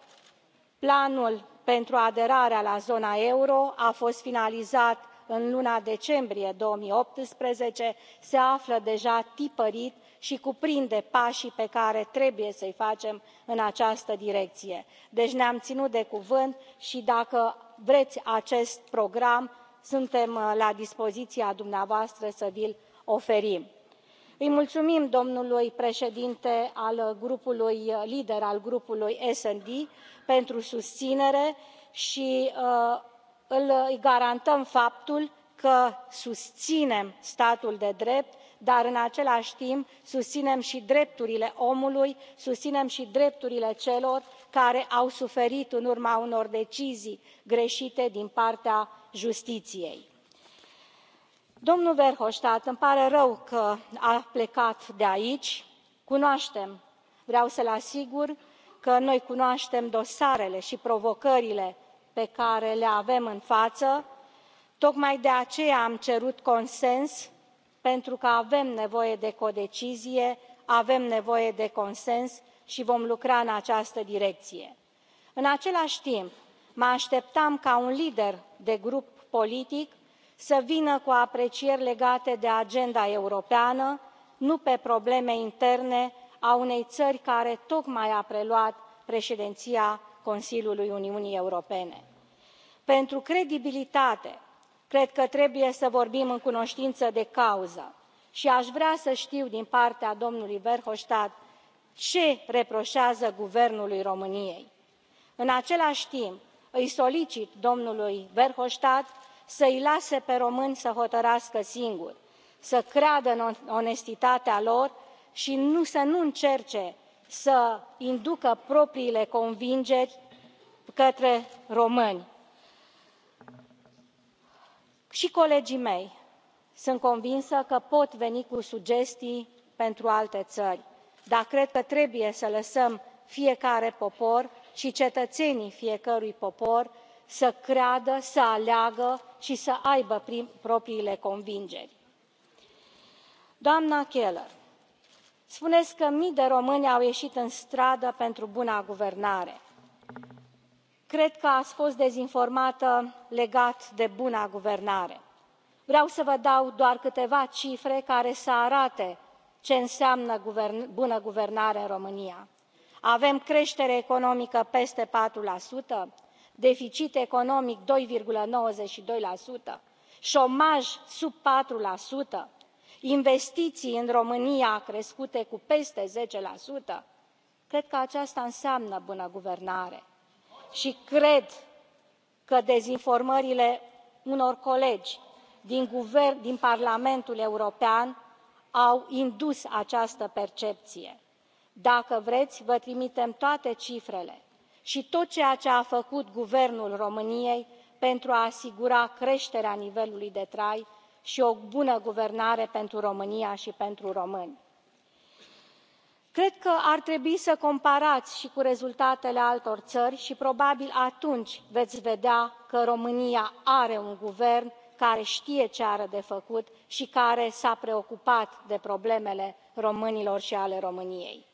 planul pentru aderarea la zona euro a fost finalizat în luna decembrie două mii optsprezece se află deja tipărit și cuprinde pașii pe care trebuie să i facem în această direcție deci ne am ținut de cuvânt și dacă vreți acest program suntem uh, la dispoziția dumneavoastră să vi l oferim. îi mulțumim domnului președinte uh, lider al grupului S&D pentru susținere și uh, îi garantăm faptul că susținem statul de drept dar în același timp susținem și drepturile omului susținem și drepturile celor care au suferit în urma unor decizii greșite din partea justiției. domnul verhofstadt îmi pare rău că a plecat de aici cunoaștem vreau să l asigur că noi cunoaștem dosarele și provocările pe care le avem în față tocmai de aceea am cerut consens pentru că avem nevoie de codecizie avem nevoie de consens și vom lucra în această direcție. în același timp mă așteptam ca un lider de grup politic să vină cu aprecieri legate de agenda europeană nu pe probleme interne ale unei țări care tocmai a preluat președinția consiliului uniunii europene pentru credibilitate cred că trebuie să vorbim în cunoștință de cauză și aș vrea să știu din partea domnului verhofstadt ce reproșează guvernului româniei. în același timp îi solicit domnului verhofstadt să îi lase pe români să hotărască singuri să creadă în onestitatea lor și să nu încerce să inducă propriile convingeri către români și colegii mei sunt convinsă că pot veni cu sugestii pentru alte țări dar cred că trebuie să lăsăm fiecare popor și cetățenii fiecărui popor să creadă să aleagă și să aibă propriile convingeri. doamnă keller spuneți că mii de români au ieșit în stradă pentru buna guvernare cred că ați fost dezinformată legat de buna guvernare. vreau să vă dau doar câteva cifre care să arate ce înseamnă bună guvernare în românia avem creștere economică peste patru deficit economic doi nouăzeci și doi șomaj sub patru investiții în românia crescute cu peste zece cred că aceasta înseamnă bună guvernare și cred că dezinformările unor colegi din guvern din parlamentul european au indus această percepție. dacă vreți vă trimitem toate cifrele și tot ceea ce a făcut guvernul româniei pentru a asigura creșterea nivelului de trai și o bună guvernare pentru românia și pentru români cred că ar trebui să comparați și cu rezultatele altor țări și probabil atunci veți vedea că românia are un guvern care știe ce are de făcut și care s a preocupat de problemele românilor și ale româniei.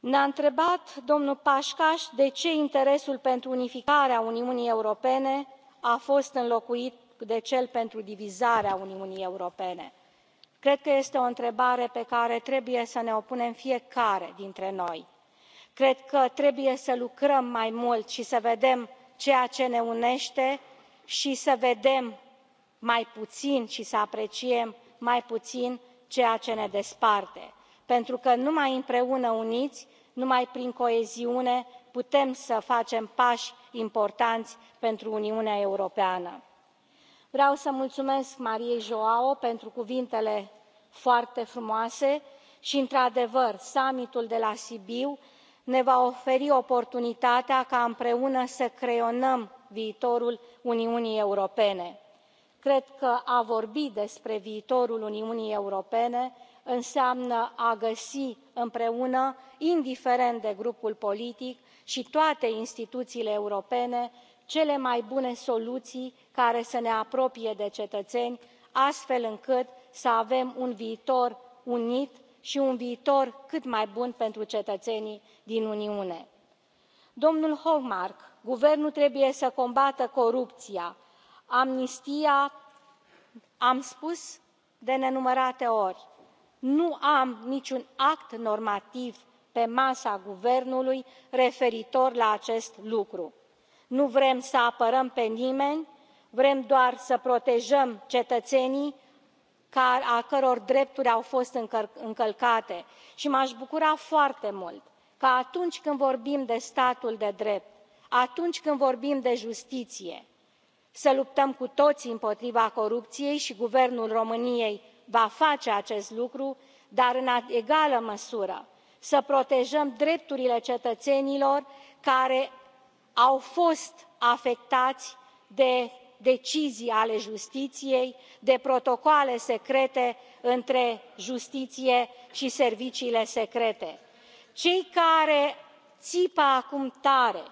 ne a întrebat domnul paksas de ce interesul pentru unificarea uniunii europene a fost înlocuit de cel pentru divizarea uniunii europene cred că este o întrebare pe care trebuie să ne o punem fiecare dintre noi. cred că trebuie să lucrăm mai mult și să vedem ceea ce ne unește și să vedem mai puțin și să apreciem mai puțin ceea ce ne desparte pentru că numai împreună uniți numai prin coeziune putem să facem pași importanți pentru uniunea europeană vreau să mulțumesc mariei joo pentru cuvintele foarte frumoase și într adevăr summitul de la sibiu ne va oferi oportunitatea ca împreună să creionăm viitorul uniunii europene. cred că a vorbi despre viitorul uniunii europene înseamnă a găsi împreună indiferent de grupul politic și toate instituțiile europene cele mai bune soluții care să ne apropie de cetățeni astfel încât să avem un viitor unit și un viitor cât mai bun pentru cetățenii din uniune. domnule hkmark guvernul trebuie să combată corupția amnistia am spus de nenumărate ori nu am niciun act normativ pe masa guvernului referitor la acest lucru nu vrem să apărăm pe nimeni vrem doar să protejăm cetățenii a căror drepturi au fost încălcate și m aș bucura foarte mult ca atunci când vorbim de statul de drept atunci când vorbim de justiție să luptăm cu toții împotriva corupției și guvernul româniei va face acest lucru dar în egală măsură să protejăm drepturile cetățenilor care au fost afectați de decizii ale justiției de protocoale secrete între justiție și serviciile secrete. cei care țipă acum tare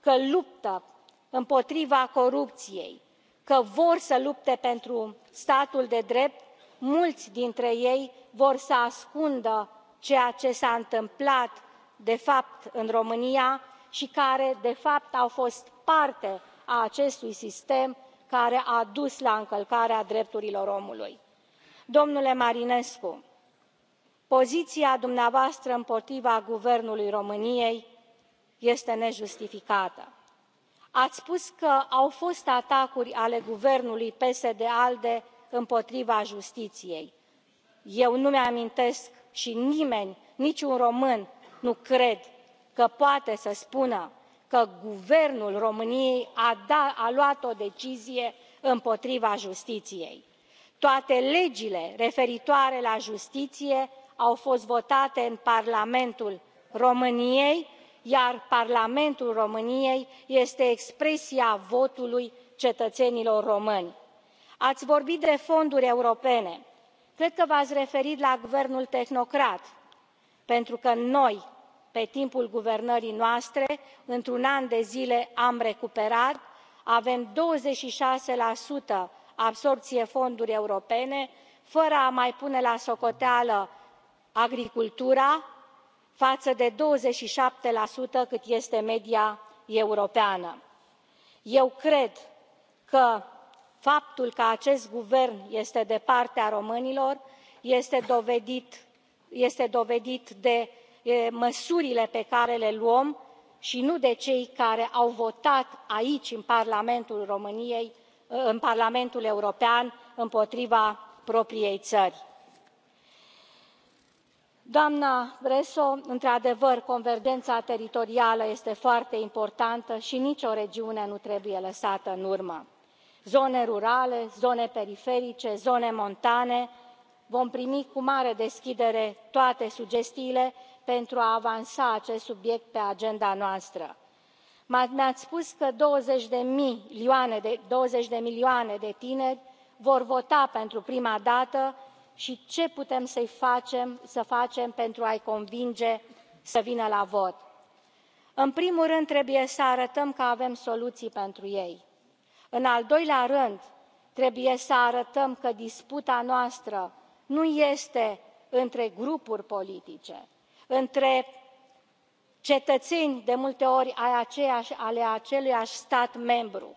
că luptă împotriva corupției că vor să lupte pentru statul de drept mulți dintre ei vor să ascundă ceea ce s a întâmplat de fapt în românia și care de fapt au fost parte a acestui sistem care a dus la încălcarea drepturilor omului. domnule marinescu poziția dumneavoastră împotriva guvernului româniei este nejustificată. ați spus că au fost atacuri ale guvernului psd alde împotriva justiției. eu nu îmi amintesc și nimeni niciun român nu cred că poate să spună că guvernul româniei da, a luat o decizie împotriva justiției. toate legile referitoare la justiție au fost votate în parlamentul româniei iar parlamentul româniei este expresia votului cetățenilor români. ați vorbit de fonduri europene cred că v ați referit la guvernul tehnocrat pentru că noi pe timpul guvernării noastre într un an de zile am recuperat avem douăzeci și șase absorbție fonduri europene fără a mai pune la socoteală agricultura față de douăzeci și șapte cât este media europeană. eu cred că faptul că acest guvern este de partea românilor este dovedit de măsurile pe care le luăm și nu de cei care au votat aici în parlamentul româniei în parlamentul european împotriva propriei țări. doamnă bresso într adevăr convergența teritorială este foarte importantă și nicio regiune nu trebuie lăsată în urmă zone rurale zone periferice zone montane vom primi cu mare deschidere toate sugestiile pentru a avansa acest subiect pe agenda noastră. mi ați spus că douăzeci de milioane de tineri vor vota pentru prima dată și ce putem să facem pentru a i convinge să vină la vot? în primul rând trebuie să arătăm că avem soluții pentru ei. în al doilea rând trebuie să arătăm că disputa noastră nu este între grupuri politice între cetățeni de multe ori ai aceluiași stat membru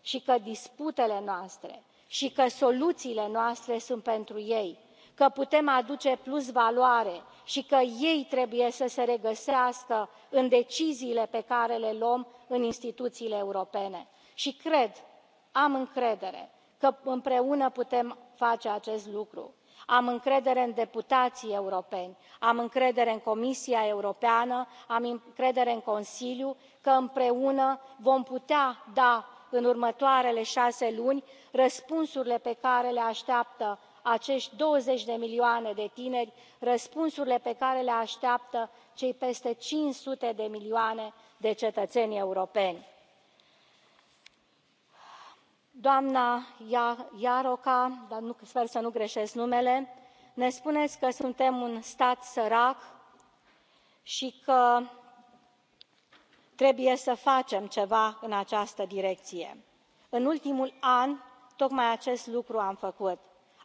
și că disputele noastre și că soluțiile noastre sunt pentru ei că putem aduce plusvaloare și că ei trebuie să se regăsească în deciziile pe care le luăm în instituțiile europene și cred am încredere că împreună putem face acest lucru am încredere în deputații europeni am încredere în comisia europeană am încredere în consiliu că împreună vom putea da în următoarele șase luni răspunsurile pe care le așteaptă acești douăzeci de milioane de tineri răspunsurile pe care le așteaptă cei peste cinci sute de milioane de cetățeni europeni doamna jrka dar sper să nu greșesc numele ne spuneți că suntem un stat sărac și că trebuie să facem ceva în această direcție. în ultimul an tocmai acest lucru am făcut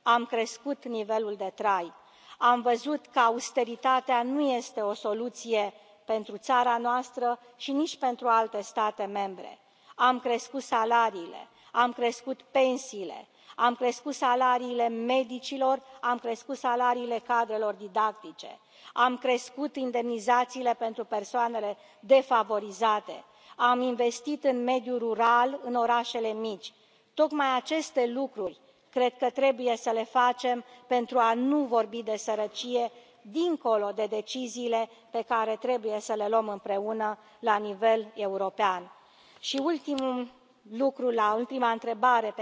am crescut nivelul de trai am văzut că austeritatea nu este o soluție pentru țara noastră și nici pentru alte state membre am crescut salariile am crescut pensiile am crescut salariile medicilor am crescut salariile cadrelor didactice am crescut indemnizațiile pentru persoanele defavorizate am investit în mediul rural în orașele mici. tocmai aceste lucruri cred că trebuie să le facem pentru a nu vorbi de sărăcie dincolo de deciziile pe care trebuie să le luăm împreună la nivel european. și ultimul lucru la ultima întrebare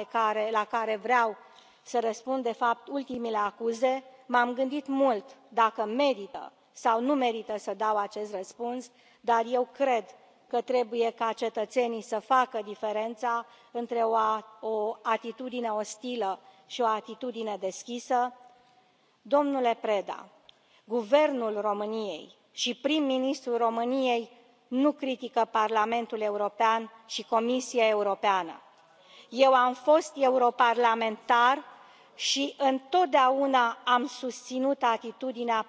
la care vreau să răspund de fapt ultimele acuze m am gândit mult dacă merită sau nu merită să dau acest răspuns dar eu cred că trebuie ca cetățenii să facă diferența între o atitudine ostilă și o atitudine deschisă. domnule preda guvernul româniei și prim ministrul româniei nu critică parlamentul european și comisia europeană. eu am fost europarlamentar și întotdeauna am susținut atitudinea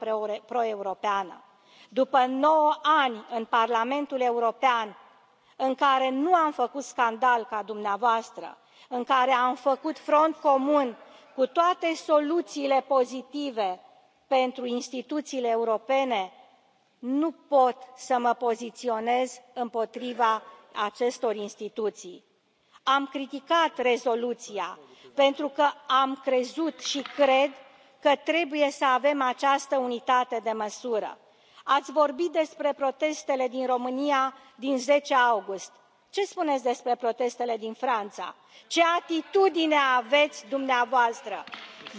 pro europeană. după nouă ani în parlamentul european în care nu am făcut scandal ca dumneavoastră în care am făcut front comun cu toate soluțiile pozitive pentru instituțiile europene nu pot să mă poziționez împotriva acestor instituții. am criticat rezoluția pentru că am crezut și cred că trebuie să avem această unitate de măsură. ați vorbit despre protestele din românia din zece august ce spuneți despre protestele din franța? ce atitudine aveți dumneavoastră?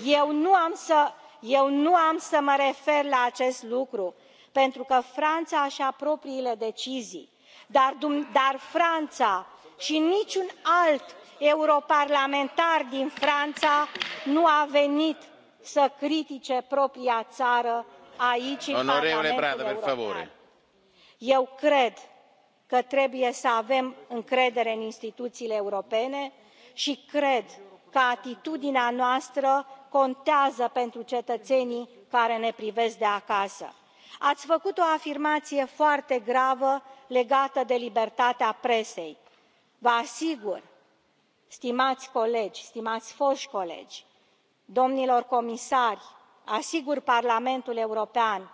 eu nu am să mă refer la acest lucru pentru că franța își ia propriile decizii dar franța și niciun alt europarlamentar din franța nu a venit să critice propria țară aici în parlamentul european. eu cred că trebuie să avem încredere în instituțiile europene și cred că atitudinea noastră contează pentru cetățenii care ne privesc de acasă ați făcut o afirmație foarte gravă legată de libertatea presei. vă asigur stimați colegi stimați foști colegi domnilor comisari asigur parlamentul european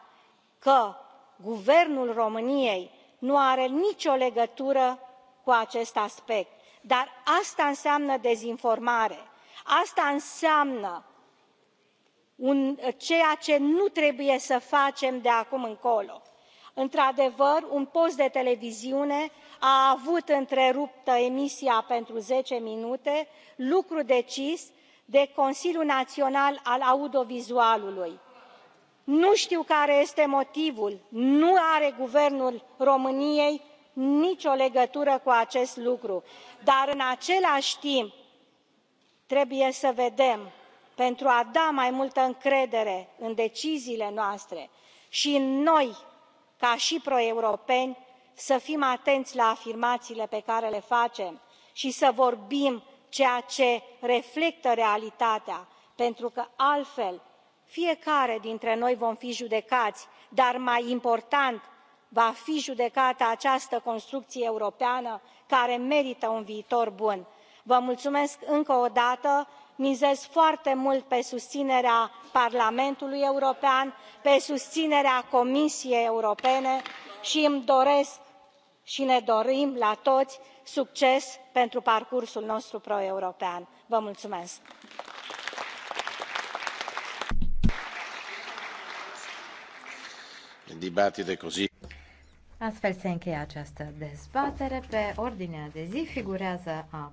că guvernul româniei nu are nicio legătură cu acest aspect dar asta înseamnă dezinformare asta înseamnă Eh, ceea ce nu trebuie să facem de acum încolo. într adevăr un post de televiziune a avut întreruptă emisia pentru zece minute lucru decis de consiliul național al audiovizualului. nu știu care este motivul nu are guvernul româniei nicio legătură cu acest lucru dar în același timp trebuie să vedem pentru a da mai multă încredere în deciziile noastre și în noi ca și proeuropeni să fim atenți la afirmațiile pe care le facem și să vorbim ceea ce reflectă realitatea pentru că altfel fiecare dintre noi vom fi judecați dar mai important va fi judecată această construcție europeană care merită un viitor bun. vă mulțumesc încă o dată mizez foarte mult pe susținerea parlamentului european pe susținerea comisiei europene și îmi doresc și ne dorim la toți succes pentru parcursul nostru pro european. vă mulțumesc. Astfel se încheie această dezbatere. Pe ordinea de zi figurează